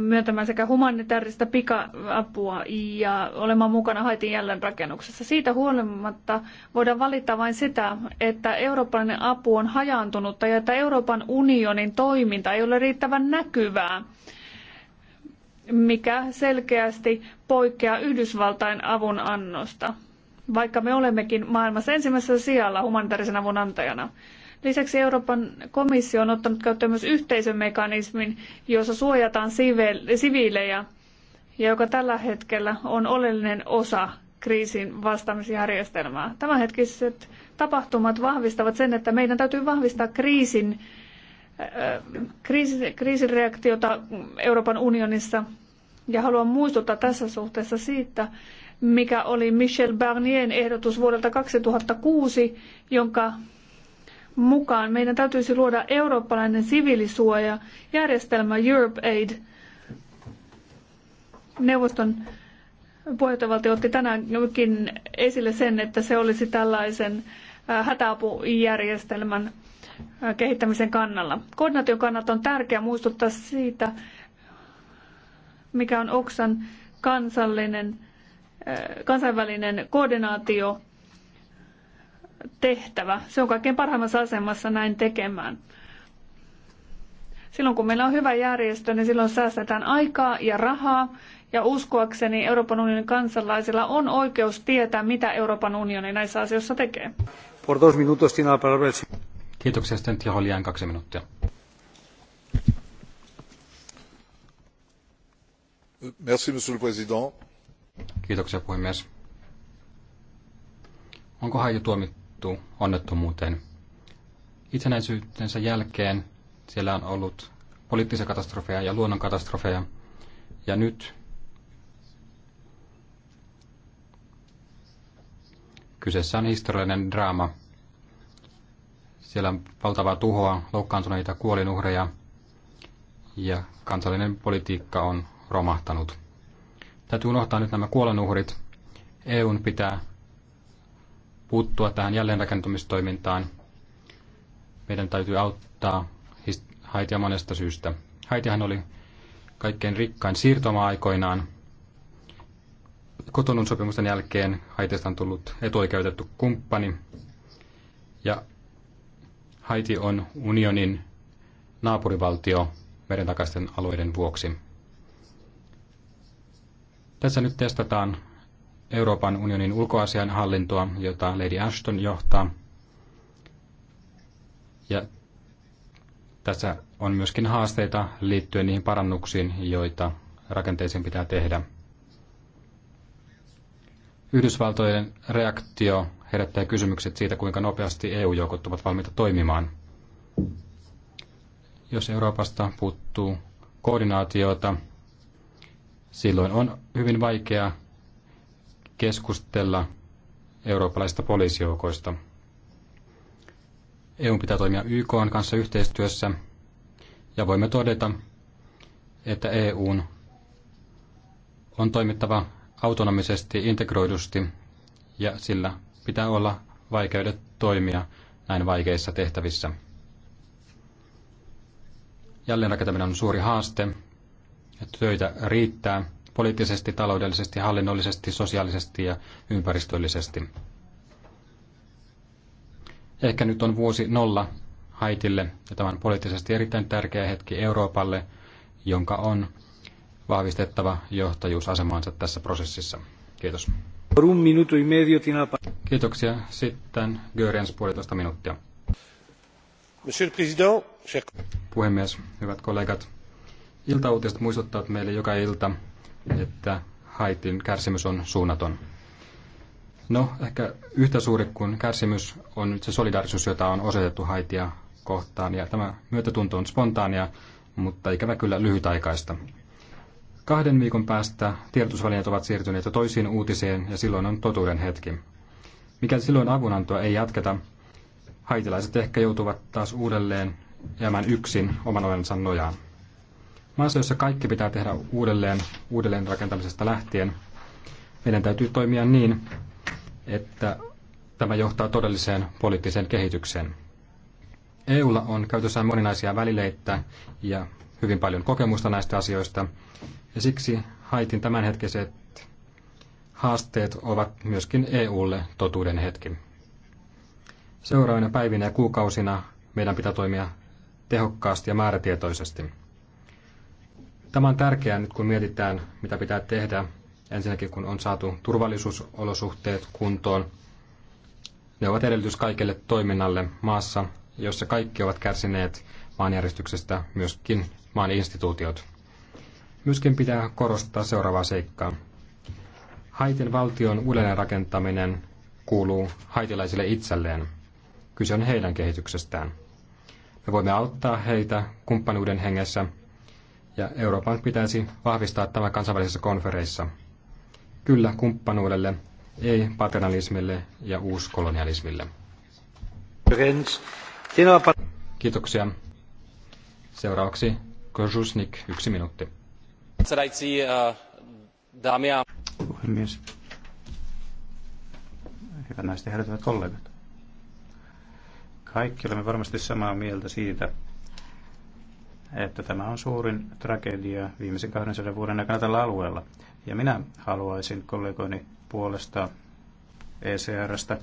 myöntämään sekä humanitaarista pikaapua ja olemaan mukana Haitin jälleenrakennuksessa. Siitä huolimatta voidaan valittaa vain sitä, että eurooppalainen apu on hajaantunutta ja että Euroopan unionin toiminta ei ole riittävän näkyvää, mikä selkeästi poikkeaa Yhdysvaltain annosta vaikka me olemmekin maailmassa ensimmäisellä sijalla humanitaarisen avun antajana. Lisäksi Euroopan komissio on ottanut käyttöön myös yhteisömekanismin, jossa suojataan siviilejä ja joka tällä hetkellä on oleellinen osa kriisin vastaamisjärjestelmää. Tämänhetkiset tapahtumat vahvistavat sen, että meidän täytyy vahvistaa kriisin, äh, kriisin, kriisin reaktiota Euroopan unionissa. Ja haluan muistuttaa tässä suhteessa siitä, mikä oli Michel Barnierin ehdotus vuodelta 2006, jonka mukaan meidän täytyisi luoda eurooppalainen siviilisuojajärjestelmä Europe Aid. Neuvoston puheenjohtajavaltio otti tänäänkin esille sen, että se olisi tällaisen äh, hätäapujärjestelmän äh, kehittämisen kannalla. Koordinaation kannalta on tärkeää muistuttaa siitä, mikä on Oksan kansallinen kansainvälinen koordinaatio tehtävä. Se on kaikkein parhaimmassa asemassa näin tekemään. Silloin kun meillä on hyvä järjestö, niin silloin säästetään aikaa ja rahaa. Ja uskoakseni Euroopan unionin kansalaisilla on oikeus tietää, mitä Euroopan unioni näissä asioissa tekee. Por dos minutos tina Kiitoksia. Sitten Tiholian kaksi minuuttia. Merci, monsieur le président Kiitoksia puhemies. Onko Haiju tuomittu onnettomuuteen? Itsenäisyytensä jälkeen siellä on ollut poliittisia katastrofeja ja luonnonkatastrofeja. Ja nyt kyseessä on historiallinen draama. Siellä on valtavaa tuhoa, loukkaantuneita kuolinuhreja ja kansallinen politiikka on romahtanut. Täytyy unohtaa nyt nämä kuolonuhrit. EUn pitää puuttua tähän jälleenrakentumistoimintaan. Meidän täytyy auttaa Haitia monesta syystä. Haitihan oli kaikkein rikkain siirtoma aikoinaan. Kotonun sopimusten jälkeen Haitista on tullut etuoikeutettu kumppani. Ja Haiti on unionin naapurivaltio meren takaisten alueiden vuoksi. Tässä nyt testataan Euroopan unionin ulkoasian hallintoa, jota Lady Ashton johtaa. Ja tässä on myöskin haasteita liittyen niihin parannuksiin, joita rakenteisiin pitää tehdä. Yhdysvaltojen reaktio herättää kysymykset siitä, kuinka nopeasti EU-joukot ovat valmiita toimimaan. Jos Euroopasta puuttuu koordinaatiota silloin on hyvin vaikea keskustella eurooppalaisista poliisijoukoista. EU pitää toimia YK kanssa yhteistyössä ja voimme todeta, että EUn on toimittava autonomisesti, integroidusti ja sillä pitää olla vaikeudet toimia näin vaikeissa tehtävissä. Jälleenrakentaminen on suuri haaste töitä riittää poliittisesti, taloudellisesti, hallinnollisesti, sosiaalisesti ja ympäristöllisesti. Ehkä nyt on vuosi nolla Haitille ja on poliittisesti erittäin tärkeä hetki Euroopalle, jonka on vahvistettava johtajuusasemaansa tässä prosessissa. Kiitos. Kiitoksia. Sitten Görens puolitoista minuuttia. Monsieur le Président, puhemies, hyvät kollegat. Iltauutiset muistuttavat meille joka ilta, että Haitin kärsimys on suunnaton. No, ehkä yhtä suuri kuin kärsimys on nyt se solidarisuus, jota on osoitettu Haitia kohtaan. Ja tämä myötätunto on spontaania, mutta ikävä kyllä lyhytaikaista. Kahden viikon päästä tiedotusvälineet ovat siirtyneet jo toisiin uutiseen ja silloin on totuuden hetki. Mikäli silloin avunantoa ei jatketa, haitilaiset ehkä joutuvat taas uudelleen jäämään yksin oman olensa nojaan. Maassa, jossa kaikki pitää tehdä uudelleen, uudelleen rakentamisesta lähtien, meidän täytyy toimia niin, että tämä johtaa todelliseen poliittiseen kehitykseen. EUlla on käytössään moninaisia välileitä ja hyvin paljon kokemusta näistä asioista, ja siksi Haitin tämänhetkiset haasteet ovat myöskin EUlle totuuden hetki. Seuraavina päivinä ja kuukausina meidän pitää toimia tehokkaasti ja määrätietoisesti. Tämä on tärkeää nyt, kun mietitään, mitä pitää tehdä. Ensinnäkin, kun on saatu turvallisuusolosuhteet kuntoon. Ne ovat edellytys kaikelle toiminnalle maassa, jossa kaikki ovat kärsineet maanjärjestyksestä myöskin maan instituutiot. Myöskin pitää korostaa seuraavaa seikkaa. Haitin valtion uudelleenrakentaminen kuuluu haitilaisille itselleen. Kyse on heidän kehityksestään. Me voimme auttaa heitä kumppanuuden hengessä – ja Euroopan pitäisi vahvistaa tämä kansainvälisissä konferenssissa Kyllä kumppanuudelle, ei paternalismille ja uuskolonialismille. Kiitoksia. Seuraavaksi Kozusnik, yksi minuutti. Eh, Puhemies. Hyvät naiset ja herrat, kollegat. Kaikki olemme varmasti samaa mieltä siitä, että tämä on suurin tragedia viimeisen 200 vuoden aikana tällä alueella. Ja minä haluaisin kollegoini puolesta ECRstä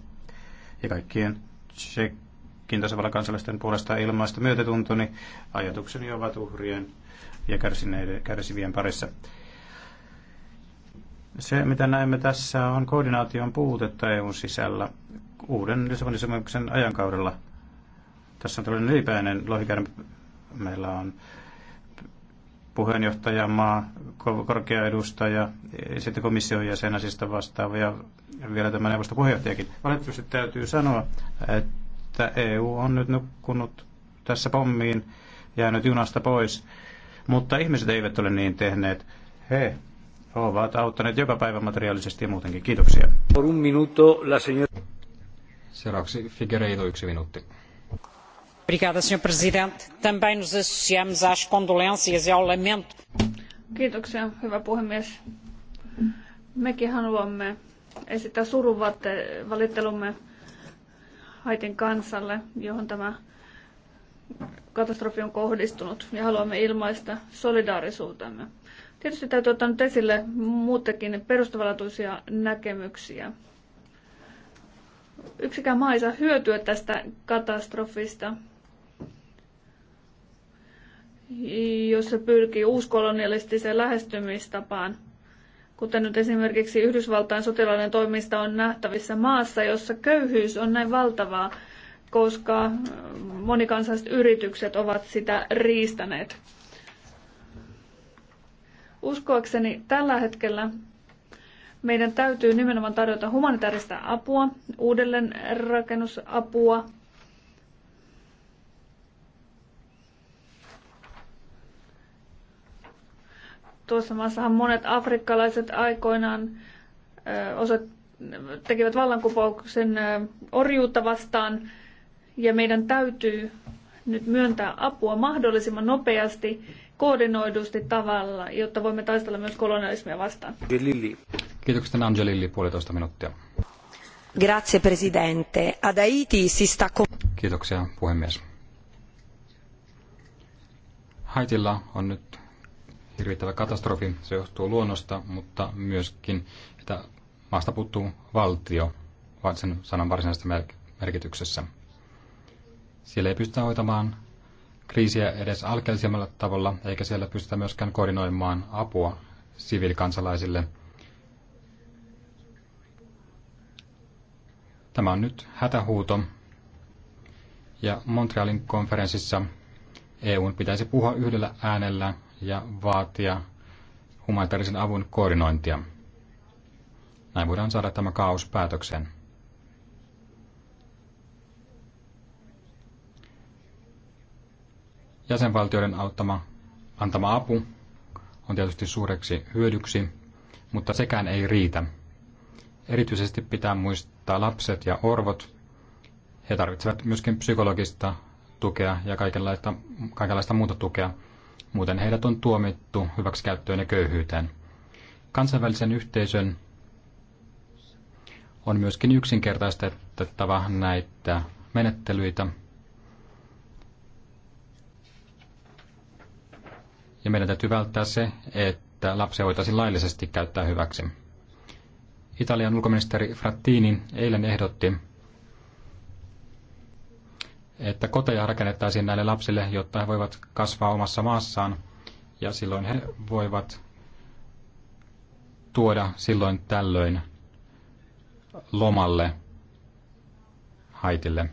ja kaikkien Tsekin tasavallan kansalaisten puolesta ilmaista myötätuntoni ajatukseni ovat uhrien ja kärsivien parissa. Se, mitä näemme tässä, on koordinaation puutetta EUn sisällä uuden Lissabonin sopimuksen ajankaudella. Tässä on tällainen ylipäinen lohikäärme Meillä on puheenjohtajamaa, korkea edustaja, sitten komission jäsen asista vastaava ja vielä tämä neuvosto puheenjohtajakin. Valitettavasti täytyy sanoa, että EU on nyt nukkunut tässä pommiin, jäänyt junasta pois, mutta ihmiset eivät ole niin tehneet. He ovat auttaneet joka päivä materiaalisesti ja muutenkin. Kiitoksia. Seuraavaksi Figueiredo yksi minuutti. Sr. Presidente. Também nos associamos às condolências e ao lamento. Kiitoksia, hyvä puhemies. Mekin haluamme esittää surunvalittelumme eh, Haitin kansalle, johon tämä katastrofi on kohdistunut, ja haluamme ilmaista solidaarisuutemme. Tietysti täytyy ottaa nyt esille muutakin perustavanlaatuisia näkemyksiä. Yksikään maa ei saa hyötyä tästä katastrofista, jossa pyrkii uuskolonialistiseen lähestymistapaan, kuten nyt esimerkiksi Yhdysvaltain sotilaiden toimista on nähtävissä maassa, jossa köyhyys on näin valtavaa, koska monikansalliset yritykset ovat sitä riistäneet. Uskoakseni tällä hetkellä meidän täytyy nimenomaan tarjota humanitaarista apua, uudelleenrakennusapua, Tuossa maassahan monet afrikkalaiset aikoinaan osat tekivät vallankumouksen orjuutta vastaan ja meidän täytyy nyt myöntää apua mahdollisimman nopeasti koordinoidusti tavalla, jotta voimme taistella myös kolonialismia vastaan. Kiitokset Angelilli, puolitoista minuuttia. Grazie presidente. Ad Haiti si sta... Kiitoksia puhemies. Haitilla on nyt hirvittävä katastrofi. Se johtuu luonnosta, mutta myöskin, että maasta puuttuu valtio sen sanan varsinaisessa merkityksessä. Siellä ei pystytä hoitamaan kriisiä edes alkeellisemmalla tavalla, eikä siellä pystytä myöskään koordinoimaan apua siviilikansalaisille. Tämä on nyt hätähuuto. Ja Montrealin konferenssissa EUn pitäisi puhua yhdellä äänellä ja vaatia humanitaarisen avun koordinointia. Näin voidaan saada tämä kaos päätökseen. Jäsenvaltioiden auttama, antama apu on tietysti suureksi hyödyksi, mutta sekään ei riitä. Erityisesti pitää muistaa lapset ja orvot. He tarvitsevat myöskin psykologista tukea ja kaikenlaista, kaikenlaista muuta tukea, muuten heidät on tuomittu hyväksikäyttöön ja köyhyyteen. Kansainvälisen yhteisön on myöskin yksinkertaistettava näitä menettelyitä. Ja meidän täytyy välttää se, että lapsia voitaisiin laillisesti käyttää hyväksi. Italian ulkoministeri Frattini eilen ehdotti, että koteja rakennettaisiin näille lapsille, jotta he voivat kasvaa omassa maassaan. Ja silloin he voivat tuoda silloin tällöin lomalle haitille.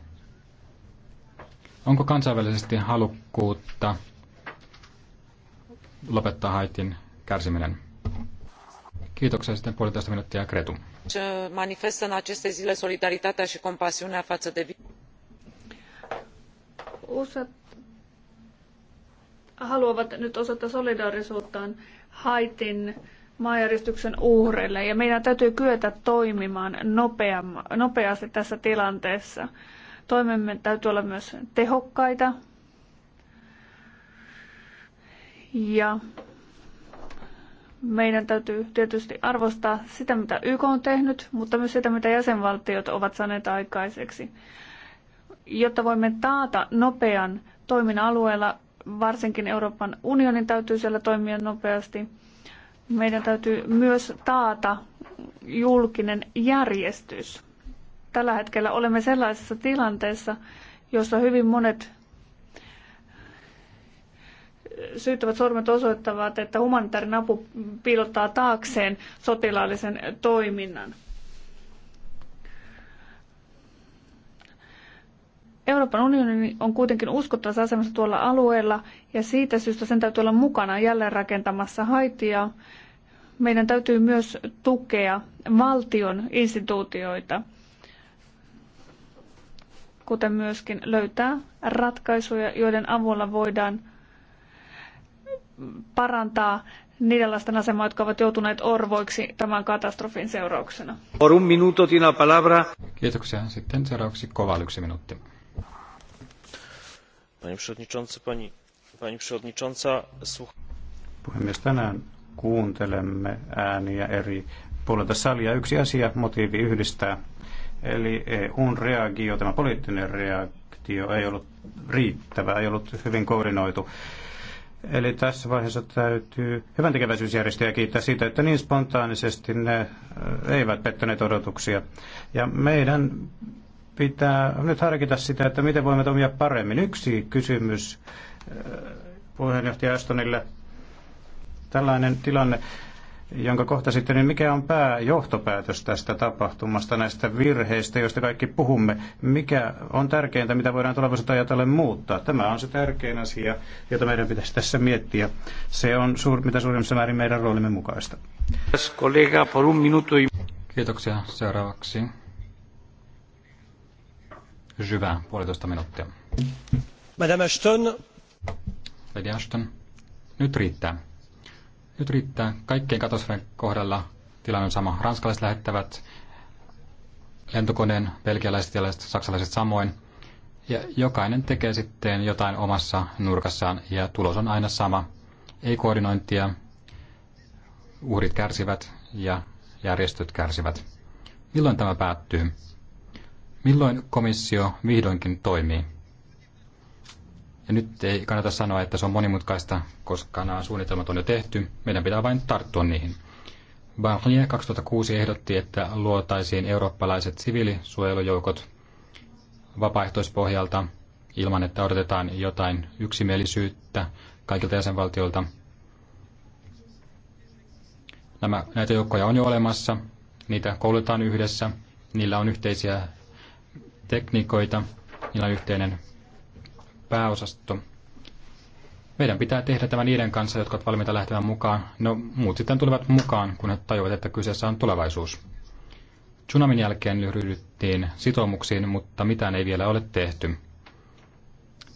Onko kansainvälisesti halukkuutta lopettaa haitin kärsiminen? Kiitoksia sitten puolitoista minuuttia Kretu. Manifestan aceste zile solidaritatea și compasiunea față de Usat haluavat nyt osoittaa solidaarisuuttaan Haitin maanjäristyksen uhreille ja meidän täytyy kyetä toimimaan nopeasti tässä tilanteessa. Toimemme täytyy olla myös tehokkaita ja meidän täytyy tietysti arvostaa sitä, mitä YK on tehnyt, mutta myös sitä, mitä jäsenvaltiot ovat saaneet aikaiseksi jotta voimme taata nopean toiminnan alueella, varsinkin Euroopan unionin täytyy siellä toimia nopeasti. Meidän täytyy myös taata julkinen järjestys. Tällä hetkellä olemme sellaisessa tilanteessa, jossa hyvin monet syyttävät sormet osoittavat, että humanitaarinen apu piilottaa taakseen sotilaallisen toiminnan. Euroopan unioni on kuitenkin uskottavassa asemassa tuolla alueella ja siitä syystä sen täytyy olla mukana jälleen rakentamassa Haitia. Meidän täytyy myös tukea valtion instituutioita, kuten myöskin löytää ratkaisuja, joiden avulla voidaan parantaa niiden lasten asemaa, jotka ovat joutuneet orvoiksi tämän katastrofin seurauksena. Por un minuto palabra. Kiitoksia. Sitten seuraavaksi kova yksi minuutti. Puhemies, tänään kuuntelemme ääniä eri puolilta salia. Yksi asia, motiivi yhdistää, eli EUn reagio, tämä poliittinen reaktio ei ollut riittävä, ei ollut hyvin koordinoitu. Eli tässä vaiheessa täytyy hyvän tekeväisyysjärjestöjä kiittää siitä, että niin spontaanisesti ne eivät pettäneet odotuksia. Ja meidän pitää nyt harkita sitä, että miten voimme toimia paremmin. Yksi kysymys äh, puheenjohtaja Astonille. Tällainen tilanne, jonka kohta sitten, niin mikä on pääjohtopäätös tästä tapahtumasta, näistä virheistä, joista kaikki puhumme? Mikä on tärkeintä, mitä voidaan tulevaisuutta ajatellen muuttaa? Tämä on se tärkein asia, jota meidän pitäisi tässä miettiä. Se on suur, mitä suurimmassa määrin meidän roolimme mukaista. Kiitoksia. Seuraavaksi Hyvä, puolitoista minuuttia. Madame Ashton. Lady Ashton, nyt riittää. Nyt riittää. Kaikkien katosven kohdalla tilanne on sama. Ranskalaiset lähettävät lentokoneen, belgialaiset ja saksalaiset samoin. Ja jokainen tekee sitten jotain omassa nurkassaan ja tulos on aina sama. Ei koordinointia, uhrit kärsivät ja järjestöt kärsivät. Milloin tämä päättyy? Milloin komissio vihdoinkin toimii? Ja nyt ei kannata sanoa, että se on monimutkaista, koska nämä suunnitelmat on jo tehty. Meidän pitää vain tarttua niihin. Barnier 2006 ehdotti, että luotaisiin eurooppalaiset siviilisuojelujoukot vapaaehtoispohjalta ilman, että odotetaan jotain yksimielisyyttä kaikilta jäsenvaltioilta. Nämä, näitä joukkoja on jo olemassa, niitä koulutetaan yhdessä, niillä on yhteisiä tekniikoita, niillä on yhteinen pääosasto. Meidän pitää tehdä tämä niiden kanssa, jotka ovat valmiita lähtemään mukaan. No, muut sitten tulevat mukaan, kun he tajuavat, että kyseessä on tulevaisuus. Tsunamin jälkeen ryhdyttiin sitoumuksiin, mutta mitään ei vielä ole tehty.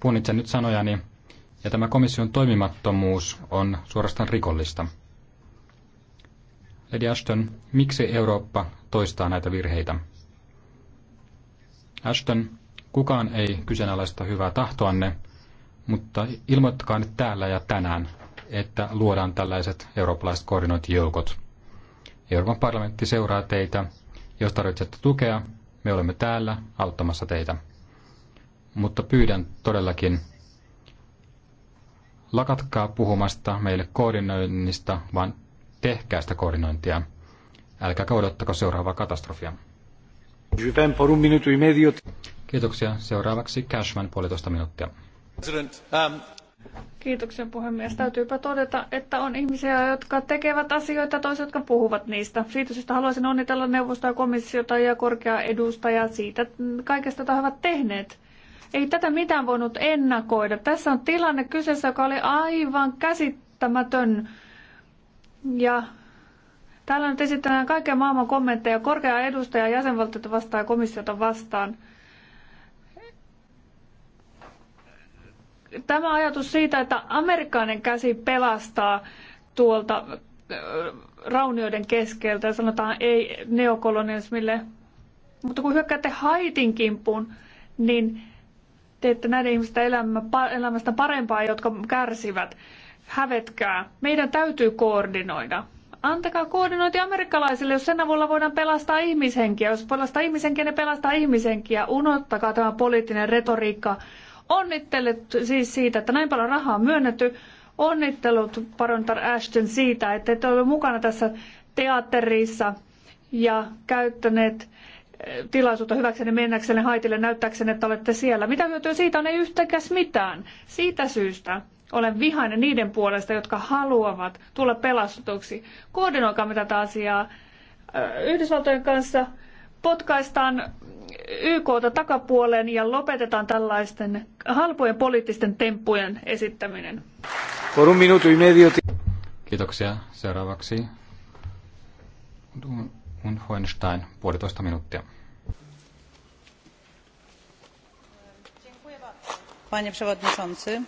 Punnitsen nyt sanojani, ja tämä komission toimimattomuus on suorastaan rikollista. Lady Ashton, miksi Eurooppa toistaa näitä virheitä? Ashton, kukaan ei kyseenalaista hyvää tahtoanne, mutta ilmoittakaa nyt täällä ja tänään, että luodaan tällaiset eurooppalaiset koordinointijoukot. Euroopan parlamentti seuraa teitä. Jos tarvitsette tukea, me olemme täällä auttamassa teitä. Mutta pyydän todellakin, lakatkaa puhumasta meille koordinoinnista, vaan tehkää sitä koordinointia. Älkääkä odottako seuraavaa katastrofia. Kiitoksia. Seuraavaksi Cashman puolitoista minuuttia. Kiitoksia puhemies. Täytyypä todeta, että on ihmisiä, jotka tekevät asioita ja toiset, jotka puhuvat niistä. Siitä syystä haluaisin onnitella neuvostoa, komissiota ja korkeaa edustajaa siitä kaikesta, jota he ovat tehneet. Ei tätä mitään voinut ennakoida. Tässä on tilanne kyseessä, joka oli aivan käsittämätön. Ja Täällä nyt esitetään kaiken maailman kommentteja korkea edustaja jäsenvaltiota vastaan ja komissiota vastaan. Tämä ajatus siitä, että amerikkalainen käsi pelastaa tuolta äh, raunioiden keskeltä ja sanotaan ei neokolonialismille. Mutta kun hyökkäätte Haitin kimppuun, niin teette näiden ihmisten elämä, elämästä parempaa, jotka kärsivät. Hävetkää. Meidän täytyy koordinoida. Antakaa koordinointi amerikkalaisille, jos sen avulla voidaan pelastaa ihmishenkiä. Jos pelastaa ihmishenkiä, ne pelastaa ihmishenkiä. Unottakaa tämä poliittinen retoriikka. Onnittelut siis siitä, että näin paljon rahaa on myönnetty. Onnittelut Parontar Ashton siitä, että te olette mukana tässä teatterissa ja käyttäneet eh, tilaisuutta hyväksenne mennäksenne haitille näyttääksenne, että olette siellä. Mitä hyötyä siitä on? Ei yhtäkäs mitään. Siitä syystä olen vihainen niiden puolesta, jotka haluavat tulla pelastetuksi. Koordinoikaamme tätä asiaa Yhdysvaltojen kanssa. Potkaistaan YKta takapuoleen ja lopetetaan tällaisten halpojen poliittisten temppujen esittäminen. Por un minuto y medio. Kiitoksia. Seuraavaksi Unhoenstein, puolitoista minuuttia. Panie przewodniczący,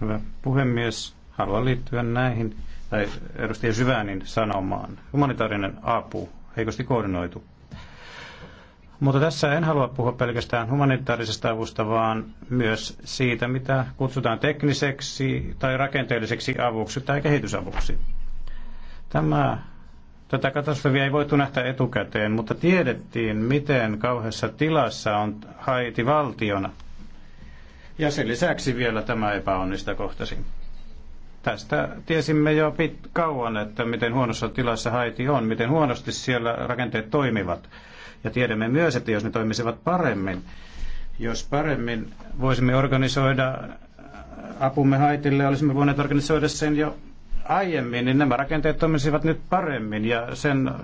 Hyvä puhemies. Haluan liittyä näihin, tai edustaja Syvänin sanomaan. Humanitaarinen apu, heikosti koordinoitu. Mutta tässä en halua puhua pelkästään humanitaarisesta avusta, vaan myös siitä, mitä kutsutaan tekniseksi tai rakenteelliseksi avuksi tai kehitysavuksi. Tämä, tätä katastrofia ei voitu nähdä etukäteen, mutta tiedettiin, miten kauheassa tilassa on Haiti valtiona – ja sen lisäksi vielä tämä epäonnista kohtasi. Tästä tiesimme jo pit- kauan, että miten huonossa tilassa Haiti on, miten huonosti siellä rakenteet toimivat. Ja tiedämme myös, että jos ne toimisivat paremmin, jos paremmin voisimme organisoida äh, apumme Haitille, olisimme voineet organisoida sen jo aiemmin, niin nämä rakenteet toimisivat nyt paremmin ja sen äh,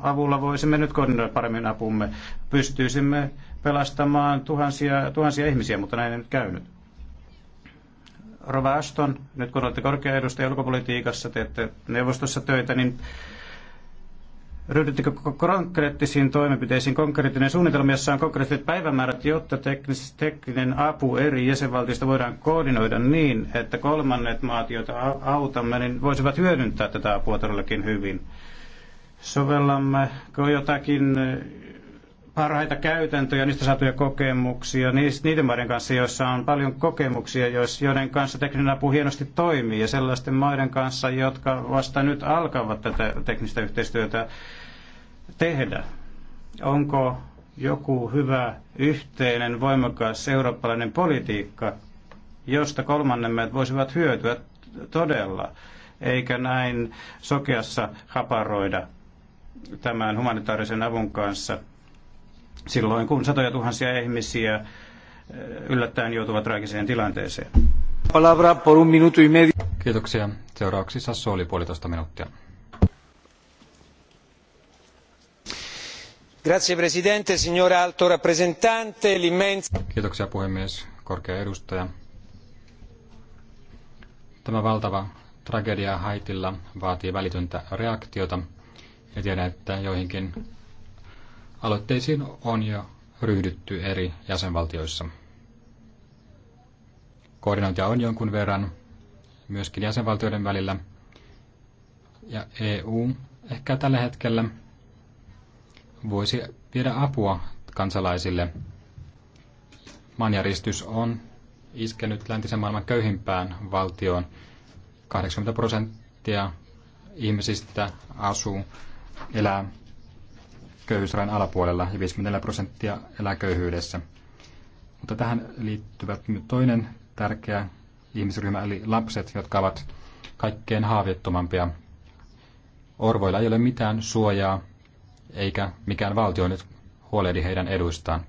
avulla voisimme nyt koordinoida paremmin apumme. Pystyisimme pelastamaan tuhansia, tuhansia ihmisiä, mutta näin ei nyt käynyt. Rova Aston, nyt kun olette korkea edustaja ulkopolitiikassa, teette neuvostossa töitä, niin ryhdyttekö konkreettisiin toimenpiteisiin, konkreettinen suunnitelma, jossa on konkreettiset päivämäärät, jotta tekninen apu eri jäsenvaltioista voidaan koordinoida niin, että kolmannet maat, joita autamme, niin voisivat hyödyntää tätä apua todellakin hyvin. Sovellammeko jotakin parhaita käytäntöjä, niistä saatuja kokemuksia niiden maiden kanssa, joissa on paljon kokemuksia, joiden kanssa tekninen apu hienosti toimii, ja sellaisten maiden kanssa, jotka vasta nyt alkavat tätä teknistä yhteistyötä tehdä. Onko joku hyvä yhteinen, voimakas eurooppalainen politiikka, josta kolmannemmat voisivat hyötyä todella, eikä näin sokeassa haparoida tämän humanitaarisen avun kanssa – silloin, kun satoja tuhansia ihmisiä eh, yllättäen joutuvat traagiseen tilanteeseen. Palabra por un minuto y medio. Kiitoksia. Seuraavaksi Sasso oli puolitoista minuuttia. Grazie Presidente, signora Alto Rappresentante, l'immensa... Kiitoksia puhemies, korkea edustaja. Tämä valtava tragedia Haitilla vaatii välitöntä reaktiota ja tiedän, että joihinkin Aloitteisiin on jo ryhdytty eri jäsenvaltioissa. Koordinointia on jonkun verran myöskin jäsenvaltioiden välillä. Ja EU ehkä tällä hetkellä voisi viedä apua kansalaisille. Manjaristys on iskenyt läntisen maailman köyhimpään valtioon. 80 prosenttia ihmisistä asuu, elää köyhyysrajan alapuolella ja 54 prosenttia elää köyhyydessä. Mutta tähän liittyvät toinen tärkeä ihmisryhmä, eli lapset, jotka ovat kaikkein haavittomampia. Orvoilla ei ole mitään suojaa, eikä mikään valtio nyt huolehdi heidän eduistaan.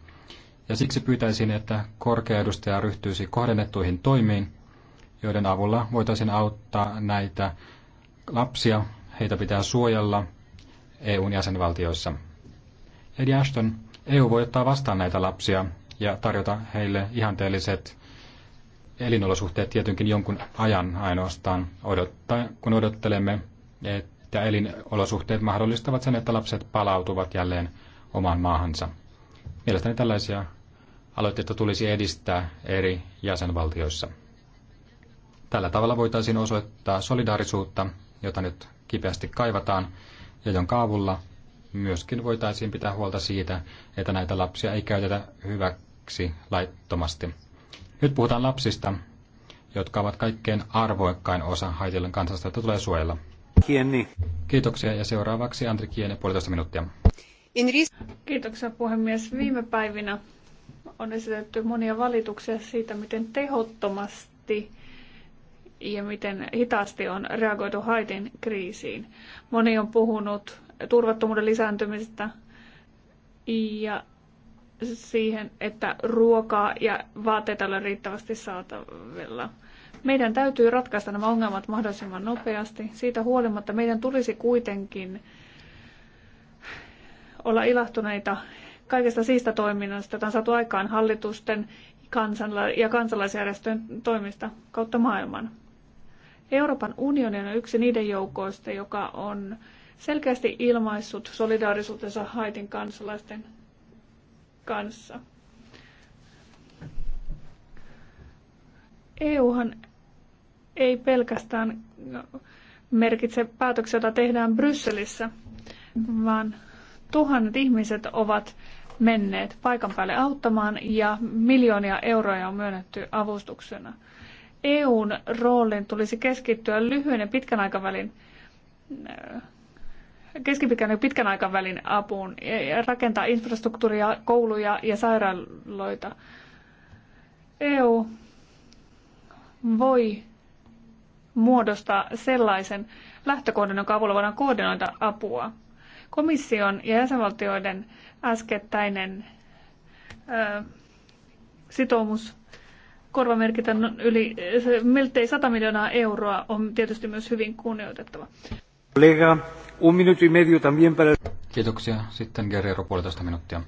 Ja siksi pyytäisin, että korkea edustaja ryhtyisi kohdennettuihin toimiin, joiden avulla voitaisiin auttaa näitä lapsia. Heitä pitää suojella EUn jäsenvaltioissa. Eddie Ashton, EU voi ottaa vastaan näitä lapsia ja tarjota heille ihanteelliset elinolosuhteet tietenkin jonkun ajan ainoastaan, odottaa, kun odottelemme, että elinolosuhteet mahdollistavat sen, että lapset palautuvat jälleen omaan maahansa. Mielestäni tällaisia aloitteita tulisi edistää eri jäsenvaltioissa. Tällä tavalla voitaisiin osoittaa solidaarisuutta, jota nyt kipeästi kaivataan ja jonka avulla myöskin voitaisiin pitää huolta siitä, että näitä lapsia ei käytetä hyväksi laittomasti. Nyt puhutaan lapsista, jotka ovat kaikkein arvoikkain osa Haitilan kansasta, jota tulee suojella. Kieni. Kiitoksia ja seuraavaksi Andri Kieni puolitoista minuuttia. Kiitoksia puhemies. Viime päivinä on esitetty monia valituksia siitä, miten tehottomasti ja miten hitaasti on reagoitu Haitin kriisiin. Moni on puhunut turvattomuuden lisääntymistä ja siihen, että ruokaa ja vaatteita on riittävästi saatavilla. Meidän täytyy ratkaista nämä ongelmat mahdollisimman nopeasti. Siitä huolimatta meidän tulisi kuitenkin olla ilahtuneita kaikesta siistä toiminnasta, jota on saatu aikaan hallitusten ja kansalaisjärjestöjen toimista kautta maailman. Euroopan unioni on yksi niiden joukoista, joka on selkeästi ilmaissut solidaarisuutensa Haitin kansalaisten kanssa. EUhan ei pelkästään merkitse päätöksiä, joita tehdään Brysselissä, vaan tuhannet ihmiset ovat menneet paikan päälle auttamaan ja miljoonia euroja on myönnetty avustuksena. EUn roolin tulisi keskittyä lyhyen ja pitkän aikavälin keskipitkän ja pitkän aikavälin apuun, rakentaa infrastruktuuria, kouluja ja sairaaloita. EU voi muodostaa sellaisen lähtökohdan, jonka avulla voidaan koordinoida apua. Komission ja jäsenvaltioiden äskettäinen ö, sitoumus korvamerkitä yli miltei 100 miljoonaa euroa on tietysti myös hyvin kunnioitettava. Kollega, Kiitoksia. Sitten Guerrero puolitoista minuuttia.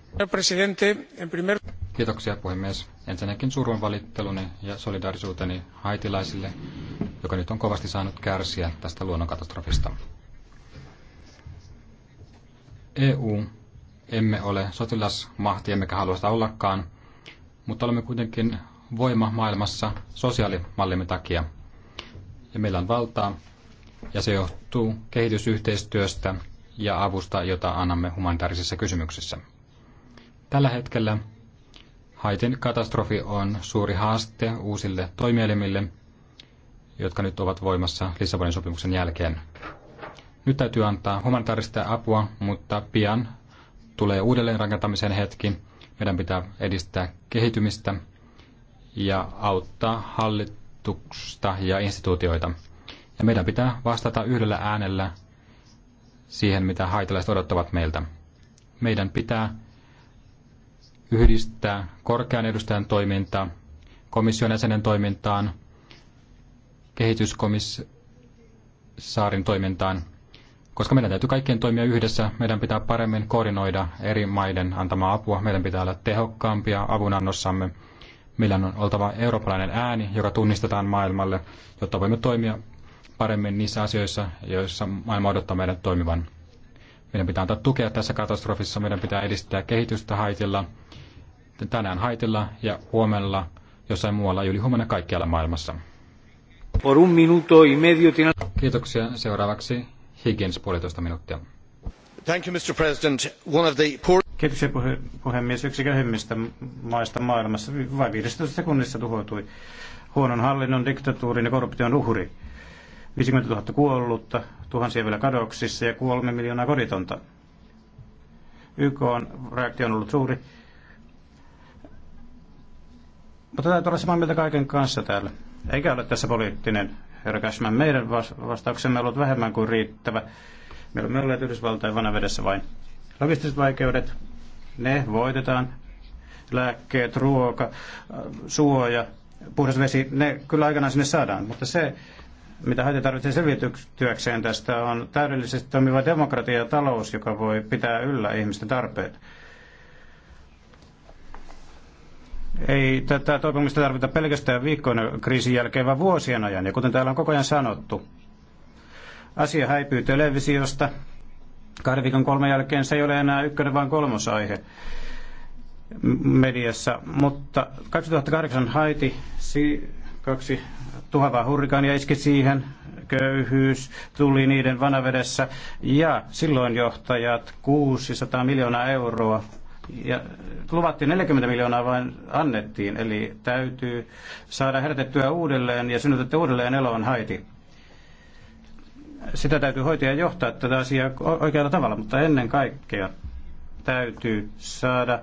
Kiitoksia puhemies. Ensinnäkin surun valitteluni ja solidaarisuuteni haitilaisille, joka nyt on kovasti saanut kärsiä tästä luonnonkatastrofista. EU emme ole sotilasmahti, emmekä halua sitä ollakaan, mutta olemme kuitenkin voima maailmassa sosiaalimallimme takia. Ja meillä on valtaa, ja se johtuu kehitysyhteistyöstä ja avusta, jota annamme humanitaarisissa kysymyksissä. Tällä hetkellä Haitin katastrofi on suuri haaste uusille toimielimille, jotka nyt ovat voimassa Lissabonin sopimuksen jälkeen. Nyt täytyy antaa humanitaarista apua, mutta pian tulee uudelleenrakentamisen hetki. Meidän pitää edistää kehitymistä ja auttaa hallitusta ja instituutioita. Ja meidän pitää vastata yhdellä äänellä siihen, mitä haitalaiset odottavat meiltä. Meidän pitää yhdistää korkean edustajan toiminta komission jäsenen toimintaan, kehityskomissaarin toimintaan, koska meidän täytyy kaikkien toimia yhdessä. Meidän pitää paremmin koordinoida eri maiden antamaa apua. Meidän pitää olla tehokkaampia avunannossamme. Meillä on oltava eurooppalainen ääni, joka tunnistetaan maailmalle, jotta voimme toimia paremmin niissä asioissa, joissa maailma odottaa meidän toimivan. Meidän pitää antaa tukea tässä katastrofissa, meidän pitää edistää kehitystä Haitilla, tänään Haitilla ja huomenna jossain muualla, yli huomenna kaikkialla maailmassa. Por un minuto y medio tina... Kiitoksia. Seuraavaksi Higgins puolitoista minuuttia. Thank you, Mr. President. One of the poor... Kiitoksia puhe- puhemies. Yksi köyhimmistä maista maailmassa vain 15 sekunnissa tuhoutui huonon hallinnon, diktatuurin ja korruption uhri. 50 000 kuollutta, tuhansia vielä kadoksissa ja kolme miljoonaa koditonta. YK on reaktio on ollut suuri. Mutta täytyy olla samaa mieltä kaiken kanssa täällä. Eikä ole tässä poliittinen herra Meidän vastauksemme on ollut vähemmän kuin riittävä. Me olemme olleet Yhdysvaltain vanavedessä vain. Logistiset vaikeudet, ne voitetaan. Lääkkeet, ruoka, äh, suoja, puhdas vesi, ne kyllä aikanaan sinne saadaan. Mutta se, mitä Haiti tarvitsee selviytyäkseen tästä, on täydellisesti toimiva demokratia ja talous, joka voi pitää yllä ihmisten tarpeet. Ei tätä toipumista tarvita pelkästään viikkojen kriisin jälkeen, vaan vuosien ajan. Ja kuten täällä on koko ajan sanottu, asia häipyy televisiosta. Kahden viikon kolmen jälkeen se ei ole enää ykkönen, vaan kolmosaihe aihe mediassa. Mutta 2008 Haiti si- Kaksi tuhavaa hurrikaania iski siihen, köyhyys tuli niiden vanavedessä ja silloin johtajat 600 miljoonaa euroa ja luvattiin 40 miljoonaa vain annettiin, eli täytyy saada herätettyä uudelleen ja synnytettyä uudelleen eloon Haiti. Sitä täytyy hoitaa ja johtaa tätä asiaa oikealla tavalla, mutta ennen kaikkea täytyy saada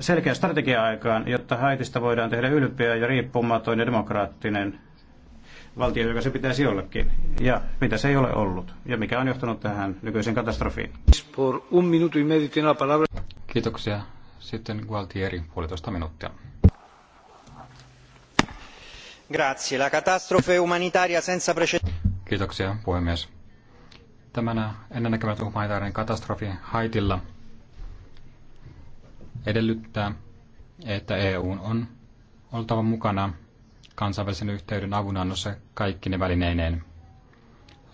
selkeä strategia aikaan, jotta Haitista voidaan tehdä ylpeä ja riippumaton ja demokraattinen valtio, joka se pitäisi ollakin, ja mitä se ei ole ollut, ja mikä on johtanut tähän nykyiseen katastrofiin. Kiitoksia. Sitten Gualtieri, puolitoista minuuttia. Grazie. La catastrofe umanitaria senza precedenti. Kiitoksia, puhemies. Tämänä ennennäkemätön humanitaarinen katastrofi Haitilla – edellyttää, että EU on oltava mukana kansainvälisen yhteyden avunannossa kaikki ne välineineen.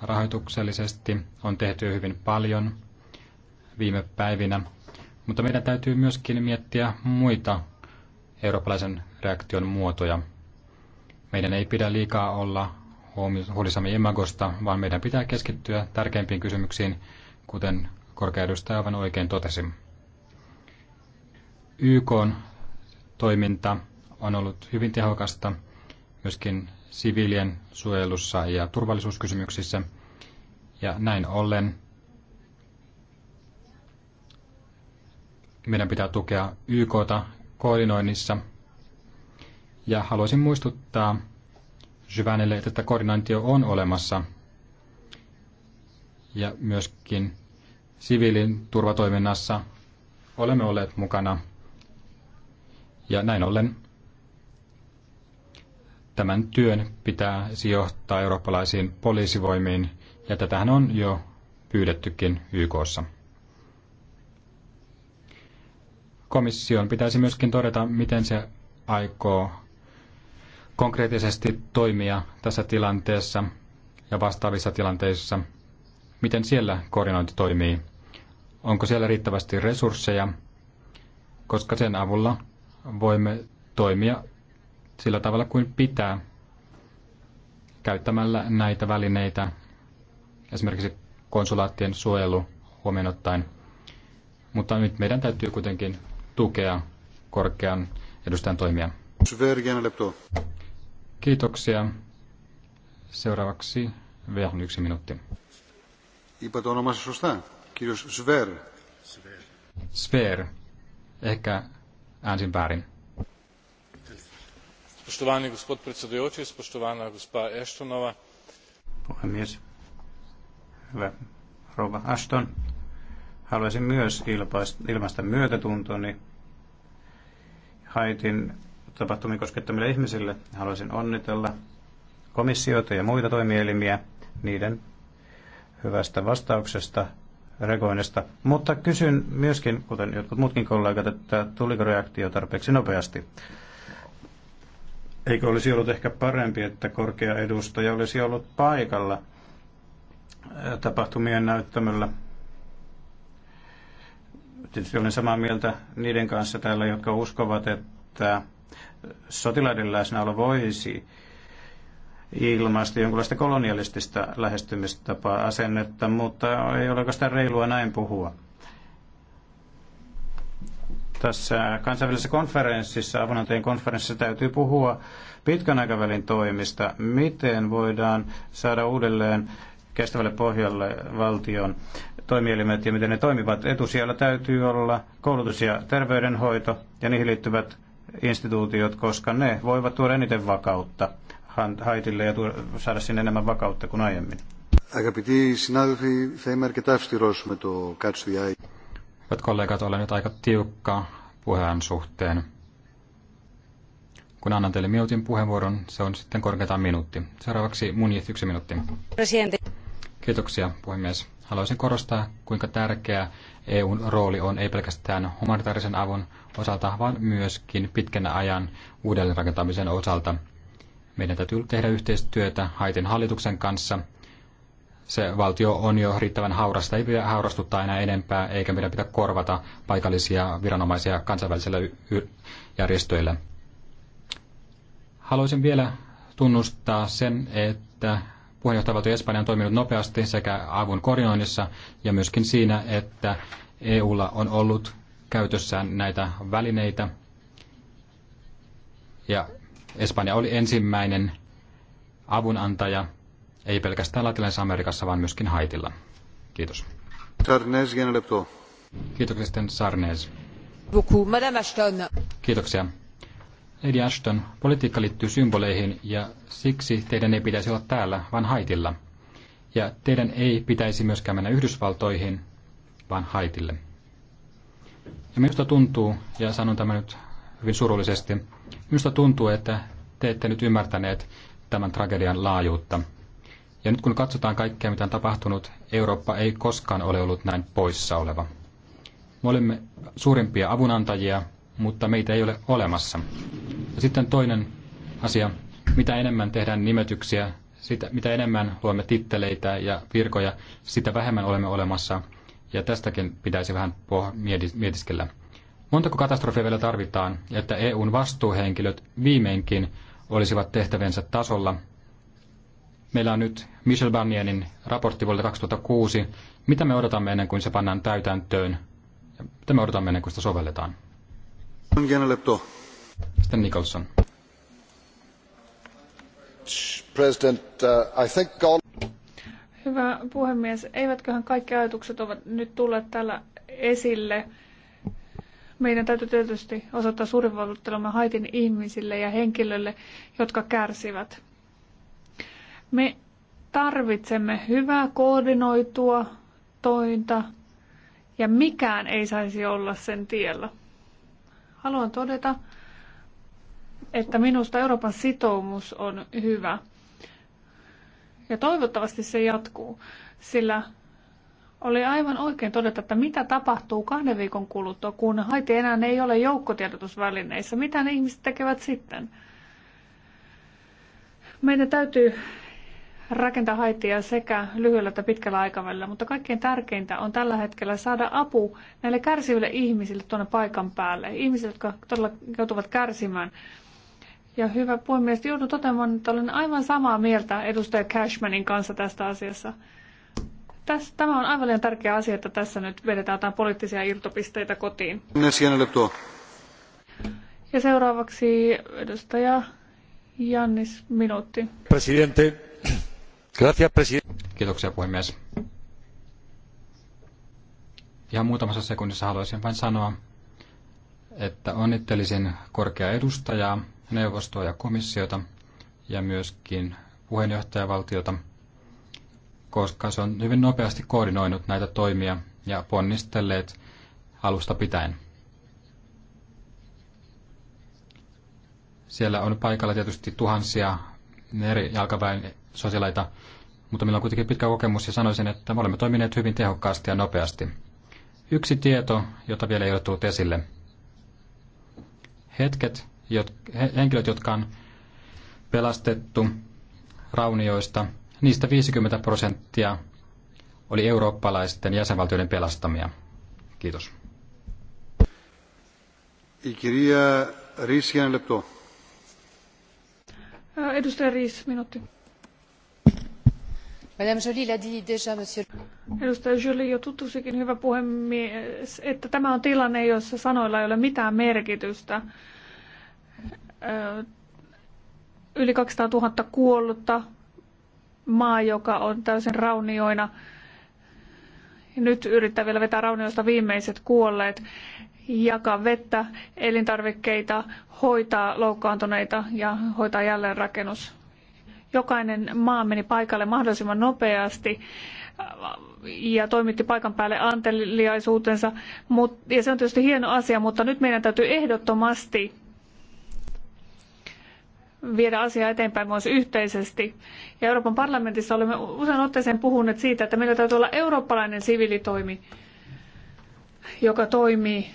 Rahoituksellisesti on tehty hyvin paljon viime päivinä, mutta meidän täytyy myöskin miettiä muita eurooppalaisen reaktion muotoja. Meidän ei pidä liikaa olla huolissamme imagosta, vaan meidän pitää keskittyä tärkeimpiin kysymyksiin, kuten korkea edustaja aivan oikein totesi. YK toiminta on ollut hyvin tehokasta myöskin siviilien suojelussa ja turvallisuuskysymyksissä. Ja näin ollen meidän pitää tukea YKta koordinoinnissa. Ja haluaisin muistuttaa Jyvänelle, että koordinointio on olemassa. Ja myöskin siviilin turvatoiminnassa olemme olleet mukana ja näin ollen tämän työn pitää sijoittaa eurooppalaisiin poliisivoimiin, ja tätähän on jo pyydettykin YKssa. Komission pitäisi myöskin todeta, miten se aikoo konkreettisesti toimia tässä tilanteessa ja vastaavissa tilanteissa. Miten siellä koordinointi toimii? Onko siellä riittävästi resursseja? Koska sen avulla voimme toimia sillä tavalla kuin pitää käyttämällä näitä välineitä, esimerkiksi konsulaattien suojelu huomioon ottaen. Mutta nyt meidän täytyy kuitenkin tukea korkean edustajan toimia. Kiitoksia. Seuraavaksi Vehn yksi minuutti. Sver. Sver. Ehkä äänsin väärin. Spoštovani gospod predsedujoči, spoštovana gospa Eštonova. Hyvä rouva Ashton. Haluaisin myös ilmaista myötätuntoni Haitin tapahtumien koskettomille ihmisille. Haluaisin onnitella komissiota ja muita toimielimiä niiden hyvästä vastauksesta reagoinnista. Mutta kysyn myöskin, kuten jotkut muutkin kollegat, että tuliko reaktio tarpeeksi nopeasti? Eikö olisi ollut ehkä parempi, että korkea edustaja olisi ollut paikalla tapahtumien näyttämällä? Tietysti olen samaa mieltä niiden kanssa täällä, jotka uskovat, että sotilaiden läsnäolo voisi ilmaista jonkinlaista kolonialistista lähestymistapaa asennetta, mutta ei ole oikeastaan reilua näin puhua. Tässä kansainvälisessä konferenssissa, avunantajien konferenssissa täytyy puhua pitkän aikavälin toimista, miten voidaan saada uudelleen kestävälle pohjalle valtion toimielimet ja miten ne toimivat. Etusijalla täytyy olla koulutus ja terveydenhoito ja niihin liittyvät instituutiot, koska ne voivat tuoda eniten vakautta Haitille ja saada sinne enemmän vakautta kuin aiemmin. Αγαπητοί συνάδελφοι, θα είμαι αρκετά αυστηρός με το Catch the Eye. Hyvät kollegat, olen nyt aika tiukka puheen suhteen. Kun annan teille minuutin puheenvuoron, se on sitten korkeintaan minuutti. Seuraavaksi Munjit yksi minuutti. Presidentti. Kiitoksia, puhemies. Haluaisin korostaa, kuinka tärkeä EUn rooli on ei pelkästään humanitaarisen avun osalta, vaan myöskin pitkän ajan uudelleenrakentamisen osalta – meidän täytyy tehdä yhteistyötä Haitin hallituksen kanssa. Se valtio on jo riittävän haurasta, ei pidä haurastuttaa enää enempää, eikä meidän pitää korvata paikallisia viranomaisia kansainvälisillä järjestöillä. Haluaisin vielä tunnustaa sen, että puheenjohtajavaltio Espanja on toiminut nopeasti sekä avun koordinoinnissa ja myöskin siinä, että EUlla on ollut käytössään näitä välineitä. Ja Espanja oli ensimmäinen avunantaja, ei pelkästään Latinalaisessa Amerikassa, vaan myöskin Haitilla. Kiitos. Sarnes, Kiitoksia sitten Sarnes. Madame Ashton. Kiitoksia. Lady Ashton, politiikka liittyy symboleihin ja siksi teidän ei pitäisi olla täällä, vaan Haitilla. Ja teidän ei pitäisi myöskään mennä Yhdysvaltoihin, vaan Haitille. Ja minusta tuntuu, ja sanon tämän nyt hyvin surullisesti. Minusta tuntuu, että te ette nyt ymmärtäneet tämän tragedian laajuutta. Ja nyt kun katsotaan kaikkea, mitä on tapahtunut, Eurooppa ei koskaan ole ollut näin poissa oleva. Me olemme suurimpia avunantajia, mutta meitä ei ole olemassa. Ja sitten toinen asia, mitä enemmän tehdään nimetyksiä, sitä, mitä enemmän luomme titteleitä ja virkoja, sitä vähemmän olemme olemassa. Ja tästäkin pitäisi vähän mietiskellä. Montako katastrofia vielä tarvitaan, että EUn vastuuhenkilöt viimeinkin olisivat tehtävänsä tasolla? Meillä on nyt Michel Barnierin raportti vuodelta 2006. Mitä me odotamme ennen kuin se pannaan täytäntöön? Mitä me odotamme ennen kuin sitä sovelletaan? Sitten Nicholson. President, uh, I think all... Hyvä puhemies, eivätköhän kaikki ajatukset ovat nyt tulleet täällä esille meidän täytyy tietysti osoittaa suurin valvottelema haitin ihmisille ja henkilöille, jotka kärsivät. Me tarvitsemme hyvää koordinoitua tointa ja mikään ei saisi olla sen tiellä. Haluan todeta, että minusta Euroopan sitoumus on hyvä. Ja toivottavasti se jatkuu, sillä oli aivan oikein todeta, että mitä tapahtuu kahden viikon kuluttua, kun Haiti enää ei ole joukkotiedotusvälineissä. Mitä ne ihmiset tekevät sitten? Meidän täytyy rakentaa haitia sekä lyhyellä että pitkällä aikavälillä, mutta kaikkein tärkeintä on tällä hetkellä saada apu näille kärsiville ihmisille tuonne paikan päälle. Ihmisille, jotka todella joutuvat kärsimään. Ja hyvä puhemies, joudun toteamaan, että olen aivan samaa mieltä edustaja Cashmanin kanssa tästä asiassa. Tässä, tämä on aivan liian tärkeä asia, että tässä nyt vedetään jotain poliittisia irtopisteitä kotiin. Ja seuraavaksi edustaja Jannis minuutti. Presidente. Gracias, presidente. Kiitoksia puhemies. Ihan muutamassa sekunnissa haluaisin vain sanoa, että onnittelisin korkea edustajaa, neuvostoa ja komissiota ja myöskin puheenjohtajavaltiota – koska se on hyvin nopeasti koordinoinut näitä toimia ja ponnistelleet alusta pitäen. Siellä on paikalla tietysti tuhansia eri jalkaväen sosiaaleita, mutta meillä on kuitenkin pitkä kokemus ja sanoisin, että me olemme toimineet hyvin tehokkaasti ja nopeasti. Yksi tieto, jota vielä ei ole tullut esille. Hetket, jotka, henkilöt, jotka on pelastettu raunioista, Niistä 50 prosenttia oli eurooppalaisten jäsenvaltioiden pelastamia. Kiitos. Kirja Riisian lepto. Edustaja Riis, minuutti. Madame Jolie l'a dit déjà, monsieur. Edustaja Jolie jo tutusikin, hyvä puhemies, että tämä on tilanne, jossa sanoilla ei ole mitään merkitystä. Yli 200 000 kuollutta, maa, joka on täysin raunioina. Nyt yrittää vielä vetää raunioista viimeiset kuolleet, jakaa vettä, elintarvikkeita, hoitaa loukkaantuneita ja hoitaa jälleenrakennus. Jokainen maa meni paikalle mahdollisimman nopeasti ja toimitti paikan päälle anteliaisuutensa. ja se on tietysti hieno asia, mutta nyt meidän täytyy ehdottomasti viedä asiaa eteenpäin myös yhteisesti. Ja Euroopan parlamentissa olemme usein otteeseen puhuneet siitä, että meillä täytyy olla eurooppalainen siviilitoimi, joka toimii,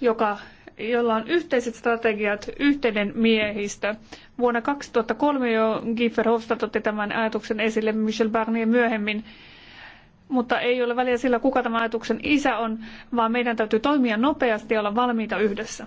joka, jolla on yhteiset strategiat, yhteinen miehistö. Vuonna 2003 jo Guy Verhofstadt otti tämän ajatuksen esille Michel Barnier myöhemmin mutta ei ole väliä sillä, kuka tämän ajatuksen isä on, vaan meidän täytyy toimia nopeasti ja olla valmiita yhdessä.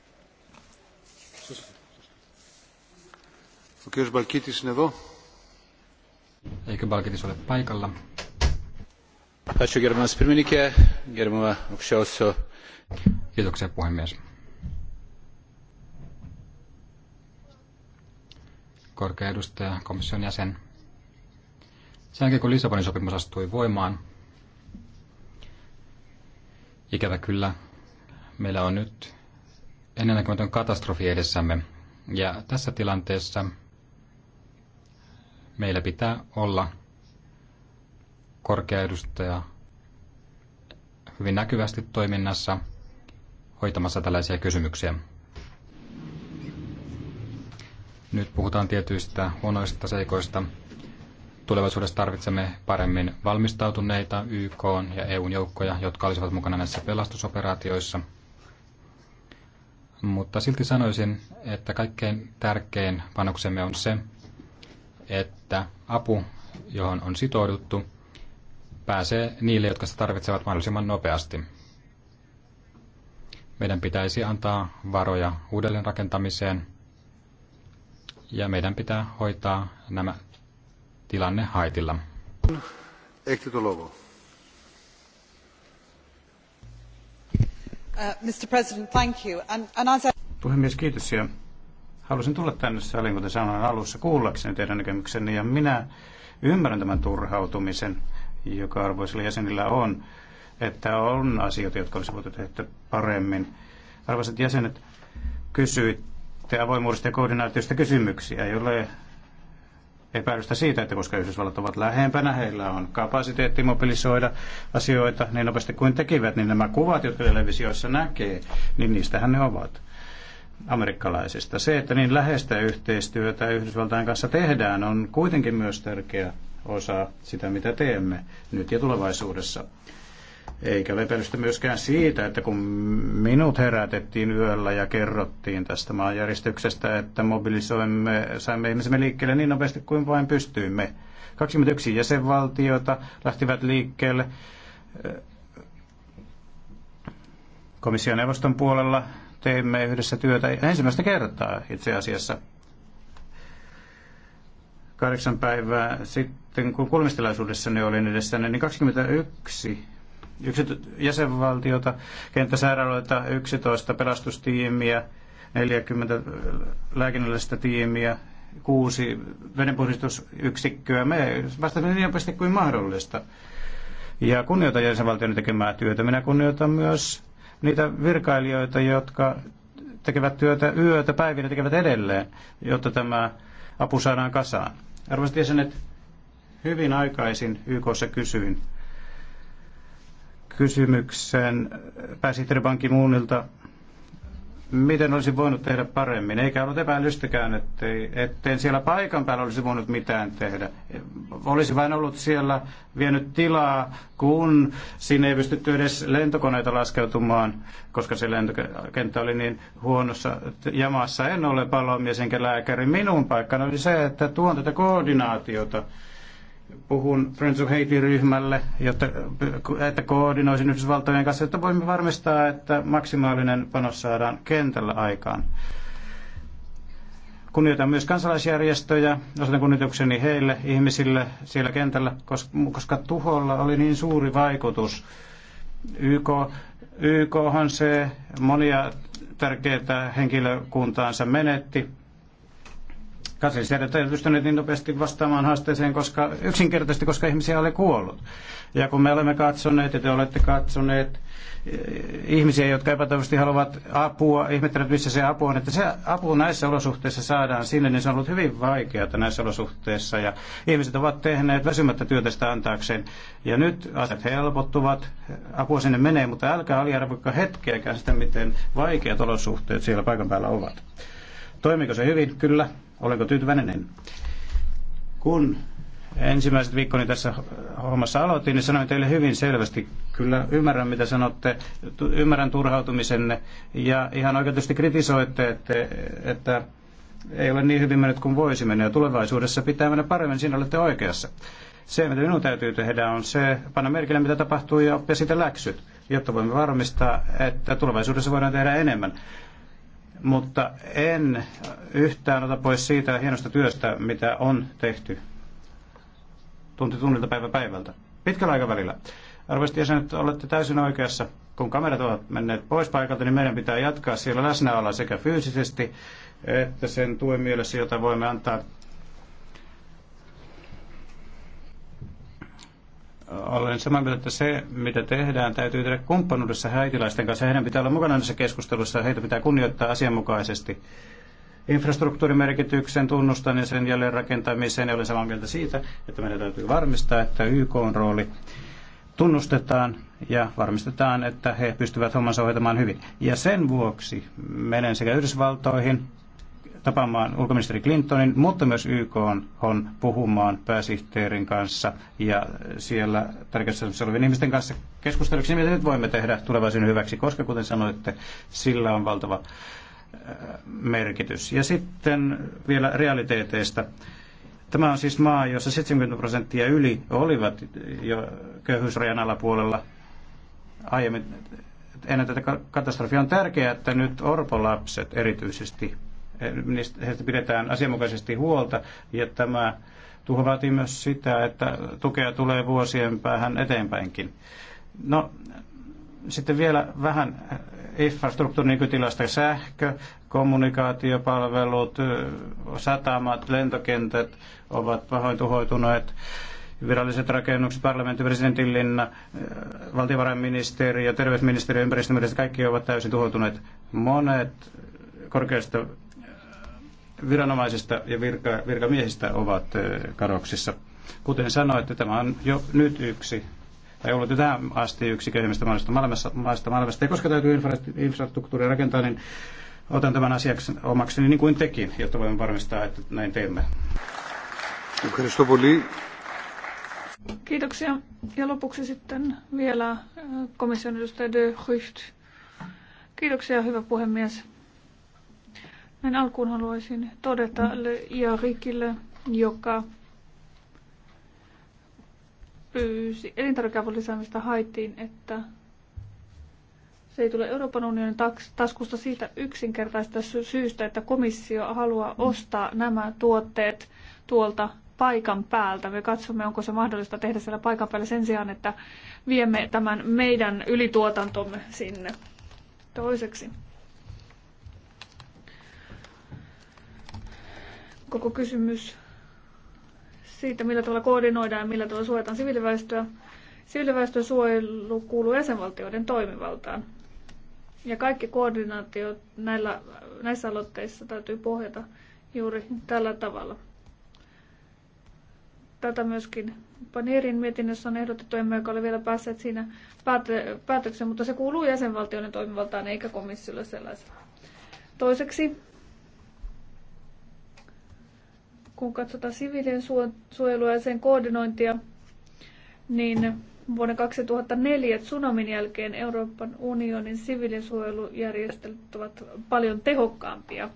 Ο κύριος Μπαλκίτης είναι εδώ. Eikö Balkitis ole paikalla? Ačiū gerbiamas pirmininkė, gerbiamą aukščiausio. Kiitoksia puhemies. Korkea edustaja, komission jäsen. Sen jälkeen kun Lissabonin sopimus astui voimaan, ikävä kyllä meillä on nyt ennennäkemätön katastrofi edessämme. Ja tässä tilanteessa meillä pitää olla korkea edustaja hyvin näkyvästi toiminnassa hoitamassa tällaisia kysymyksiä. Nyt puhutaan tietyistä huonoista seikoista. Tulevaisuudessa tarvitsemme paremmin valmistautuneita YK ja EUn joukkoja, jotka olisivat mukana näissä pelastusoperaatioissa. Mutta silti sanoisin, että kaikkein tärkein panoksemme on se, että apu, johon on sitouduttu, pääsee niille, jotka sitä tarvitsevat mahdollisimman nopeasti. Meidän pitäisi antaa varoja uudelleenrakentamiseen ja meidän pitää hoitaa nämä tilanne Haitilla. Uh, Puhemies, kiitos. Ja Halusin tulla tänne saliin, kuten sanoin alussa, kuullakseni teidän näkemyksenne, ja minä ymmärrän tämän turhautumisen, joka arvoisilla jäsenillä on, että on asioita, jotka olisi voitu tehdä paremmin. Arvoisat jäsenet, kysyitte avoimuudesta ja koordinaatiosta kysymyksiä, ei ole epäilystä siitä, että koska Yhdysvallat ovat lähempänä, heillä on kapasiteetti mobilisoida asioita niin nopeasti kuin tekivät, niin nämä kuvat, jotka televisioissa näkee, niin niistähän ne ovat amerikkalaisista. Se, että niin läheistä yhteistyötä Yhdysvaltain kanssa tehdään, on kuitenkin myös tärkeä osa sitä, mitä teemme nyt ja tulevaisuudessa. Eikä lepelystä myöskään siitä, että kun minut herätettiin yöllä ja kerrottiin tästä maanjäristyksestä, että mobilisoimme, saimme ihmisemme liikkeelle niin nopeasti kuin vain pystyimme. 21 jäsenvaltiota lähtivät liikkeelle komission neuvoston puolella teimme yhdessä työtä ensimmäistä kertaa itse asiassa kahdeksan päivää sitten, kun ne olin edessä, niin 21 yksi jäsenvaltiota, kenttäsairaaloita, 11 pelastustiimiä, 40 lääkinnällistä tiimiä, kuusi vedenpuhdistusyksikköä. Me vastasimme niin nopeasti kuin mahdollista. Ja kunnioitan jäsenvaltioiden tekemää työtä. Minä kunnioitan myös niitä virkailijoita, jotka tekevät työtä yötä päivinä, tekevät edelleen, jotta tämä apu saadaan kasaan. Arvoisat jäsenet, hyvin aikaisin YKssa kysyin kysymyksen pääsihteeri Ban ki miten olisi voinut tehdä paremmin. Eikä ollut epäilystäkään, ettei, etten siellä paikan päällä olisi voinut mitään tehdä. Olisi vain ollut siellä vienyt tilaa, kun sinne ei pystytty edes lentokoneita laskeutumaan, koska se lentokenttä oli niin huonossa jamassa. En ole palomies enkä lääkäri. Minun paikkani oli se, että tuon tätä koordinaatiota puhun Friends of Haiti-ryhmälle, jotta, että koordinoisin Yhdysvaltojen kanssa, jotta voimme varmistaa, että maksimaalinen panos saadaan kentällä aikaan. Kunnioitan myös kansalaisjärjestöjä, osoitan kunnioitukseni heille, ihmisille siellä kentällä, koska tuholla oli niin suuri vaikutus. YK, on se monia tärkeitä henkilökuntaansa menetti, kansallisjärjestöt eivät pystyneet niin nopeasti vastaamaan haasteeseen, koska, yksinkertaisesti koska ihmisiä oli kuollut. Ja kun me olemme katsoneet ja te olette katsoneet eh, ihmisiä, jotka epätoivoisesti haluavat apua, ihmettelevät missä se apu on, että se apu näissä olosuhteissa saadaan sinne, niin se on ollut hyvin vaikeaa näissä olosuhteissa ja ihmiset ovat tehneet väsymättä työtä sitä antaakseen. Ja nyt asiat helpottuvat, apua sinne menee, mutta älkää aliarvoikka hetkeäkään sitä, miten vaikeat olosuhteet siellä paikan päällä ovat. Toimiko se hyvin? Kyllä. Olenko tyytyväinen? En. Kun ensimmäiset viikkoni tässä hommassa aloitin, niin sanoin teille hyvin selvästi, kyllä ymmärrän mitä sanotte, ymmärrän turhautumisenne ja ihan oikeutusti kritisoitte, että, että ei ole niin hyvin mennyt kuin voisi mennä ja tulevaisuudessa pitää mennä paremmin, siinä olette oikeassa. Se, mitä minun täytyy tehdä, on se, panna merkille, mitä tapahtuu ja oppia siitä läksyt, jotta voimme varmistaa, että tulevaisuudessa voidaan tehdä enemmän. Mutta en yhtään ota pois siitä hienosta työstä, mitä on tehty tunti tunnilta päivä päivältä. Pitkällä aikavälillä. Arvoisat jäsenet, olette täysin oikeassa. Kun kamerat ovat menneet pois paikalta, niin meidän pitää jatkaa siellä läsnäoloa sekä fyysisesti että sen tuen mielessä, jota voimme antaa olen samaa mieltä, että se, mitä tehdään, täytyy tehdä kumppanuudessa häitiläisten kanssa. Heidän pitää olla mukana näissä keskusteluissa, heitä pitää kunnioittaa asianmukaisesti. Infrastruktuurimerkityksen tunnustamisen, jälleenrakentamiseen, ja olen samaa mieltä siitä, että meidän täytyy varmistaa, että YK on rooli tunnustetaan ja varmistetaan, että he pystyvät hommansa hoitamaan hyvin. Ja sen vuoksi menen sekä Yhdysvaltoihin tapaamaan ulkoministeri Clintonin, mutta myös YK on, on puhumaan pääsihteerin kanssa ja siellä tarkastelussa olevien ihmisten kanssa keskusteluksi, mitä nyt voimme tehdä tulevaisuuden hyväksi, koska kuten sanoitte, sillä on valtava äh, merkitys. Ja sitten vielä realiteeteista. Tämä on siis maa, jossa 70 prosenttia yli olivat jo köyhyysrajan alapuolella aiemmin ennen tätä katastrofia. On tärkeää, että nyt orpolapset erityisesti heistä pidetään asianmukaisesti huolta ja tämä tuho vaatii myös sitä, että tukea tulee vuosien päähän eteenpäinkin. No, sitten vielä vähän infrastruktuurin nykytilasta sähkö, kommunikaatiopalvelut, satamat, lentokentät ovat pahoin tuhoituneet viralliset rakennukset, parlamentti, presidentinlinna, valtiovarainministeriö, terveysministeriö, ympäristöministeriö, kaikki ovat täysin tuhoutuneet. Monet korkeasta viranomaisista ja virka, virkamiehistä ovat kadoksissa. Kuten sanoitte, tämä on jo nyt yksi, tai ollut jo tähän asti yksi köyhimmistä maailmasta maailmassa, maailmasta, maailmasta. Ja koska täytyy infra, infrastruktuuria rakentaa, niin otan tämän asiaksi omakseni niin kuin tekin, jotta voimme varmistaa, että näin teemme. Kiitoksia. Ja lopuksi sitten vielä komission edustaja De Hucht. Kiitoksia, hyvä puhemies. Näin alkuun haluaisin todeta Le Jarikille, joka pyysi elintarvikeavun lisäämistä haittiin, että se ei tule Euroopan unionin taskusta siitä yksinkertaista syystä, että komissio haluaa ostaa nämä tuotteet tuolta paikan päältä. Me katsomme, onko se mahdollista tehdä siellä paikan päällä sen sijaan, että viemme tämän meidän ylituotantomme sinne. Toiseksi koko kysymys siitä, millä tavalla koordinoidaan ja millä tavalla suojataan siviiliväestöä. Siviiliväestön suojelu kuuluu jäsenvaltioiden toimivaltaan. Ja kaikki koordinaatio näillä, näissä aloitteissa täytyy pohjata juuri tällä tavalla. Tätä myöskin panirin mietinnössä on ehdotettu, emme joka ole vielä päässeet siinä päätökseen, mutta se kuuluu jäsenvaltioiden toimivaltaan eikä komissiolle sellaisena. Toiseksi kun katsotaan siviilien suojelua ja sen koordinointia, niin vuonna 2004 tsunamin jälkeen Euroopan unionin siviilisuojelujärjestelyt ovat paljon tehokkaampia.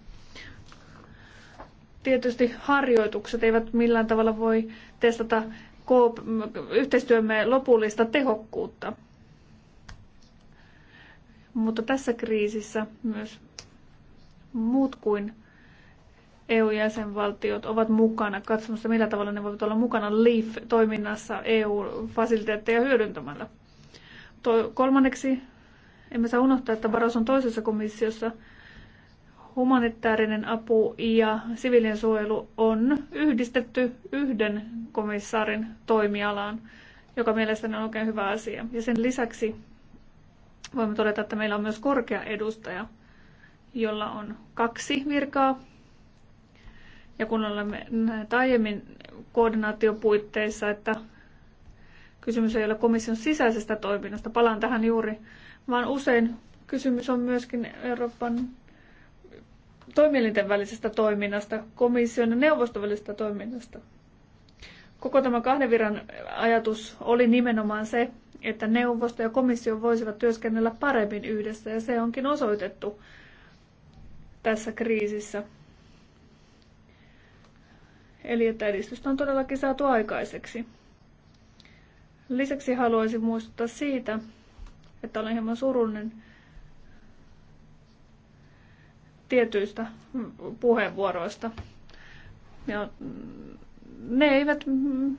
Tietysti harjoitukset eivät millään tavalla voi testata yhteistyömme lopullista tehokkuutta. Mutta tässä kriisissä myös muut kuin EU-jäsenvaltiot ovat mukana katsomassa, millä tavalla ne voivat olla mukana LEAF-toiminnassa EU-fasiliteetteja hyödyntämällä. To- kolmanneksi, emme saa unohtaa, että Barroson on toisessa komissiossa humanitaarinen apu ja sivilien suojelu on yhdistetty yhden komissaarin toimialaan, joka mielestäni on oikein hyvä asia. Ja sen lisäksi voimme todeta, että meillä on myös korkea edustaja, jolla on kaksi virkaa ja kun olemme näet aiemmin koordinaatiopuitteissa, että kysymys ei ole komission sisäisestä toiminnasta, palaan tähän juuri, vaan usein kysymys on myöskin Euroopan toimielinten välisestä toiminnasta, komission ja neuvoston välisestä toiminnasta. Koko tämä kahden viran ajatus oli nimenomaan se, että neuvosto ja komissio voisivat työskennellä paremmin yhdessä, ja se onkin osoitettu tässä kriisissä – Eli että edistystä on todellakin saatu aikaiseksi. Lisäksi haluaisin muistuttaa siitä, että olen hieman surullinen tietyistä puheenvuoroista. Ja ne eivät mm,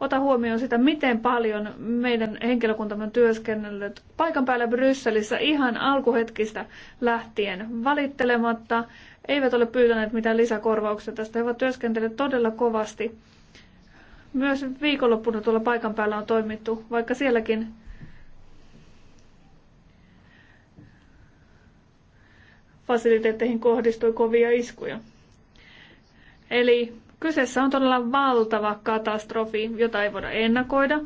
ota huomioon sitä, miten paljon meidän henkilökuntamme on työskennellyt paikan päällä Brysselissä ihan alkuhetkistä lähtien valittelematta eivät ole pyytäneet mitään lisäkorvauksia tästä. He ovat työskentelleet todella kovasti. Myös viikonloppuna tuolla paikan päällä on toimittu, vaikka sielläkin fasiliteetteihin kohdistui kovia iskuja. Eli kyseessä on todella valtava katastrofi, jota ei voida ennakoida.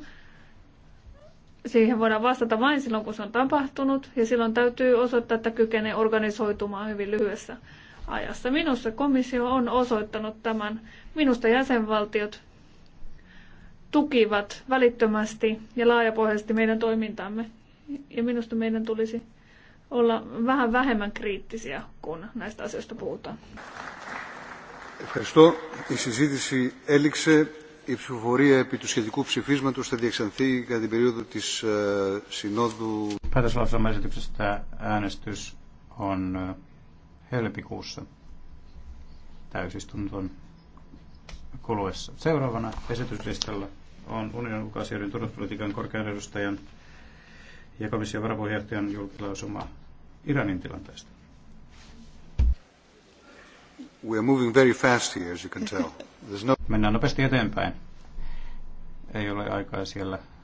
Siihen voidaan vastata vain silloin, kun se on tapahtunut, ja silloin täytyy osoittaa, että kykenee organisoitumaan hyvin lyhyessä ajassa. Minusta komissio on osoittanut tämän. Minusta jäsenvaltiot tukivat välittömästi ja laajapohjaisesti meidän toimintaamme. Ja minusta meidän tulisi olla vähän vähemmän kriittisiä, kun näistä asioista puhutaan. Ευχαριστώ. Η συζήτηση έληξε. Η ψηφοφορία επί του σχετικού ψηφίσματο θα διεξανθεί κατά την περίοδο της ε, Συνόδου. τη äänestys on helmikuussa täysistunton kuluessa. Seuraavana esityslistalla on unionin ulkoasioiden turvallisuuspolitiikan korkean edustajan ja komission varapuheenjohtajan julkilausuma Iranin tilanteesta. We are moving very fast here, as you can tell. no... Mennään nopeasti eteenpäin. Ei ole aikaa siellä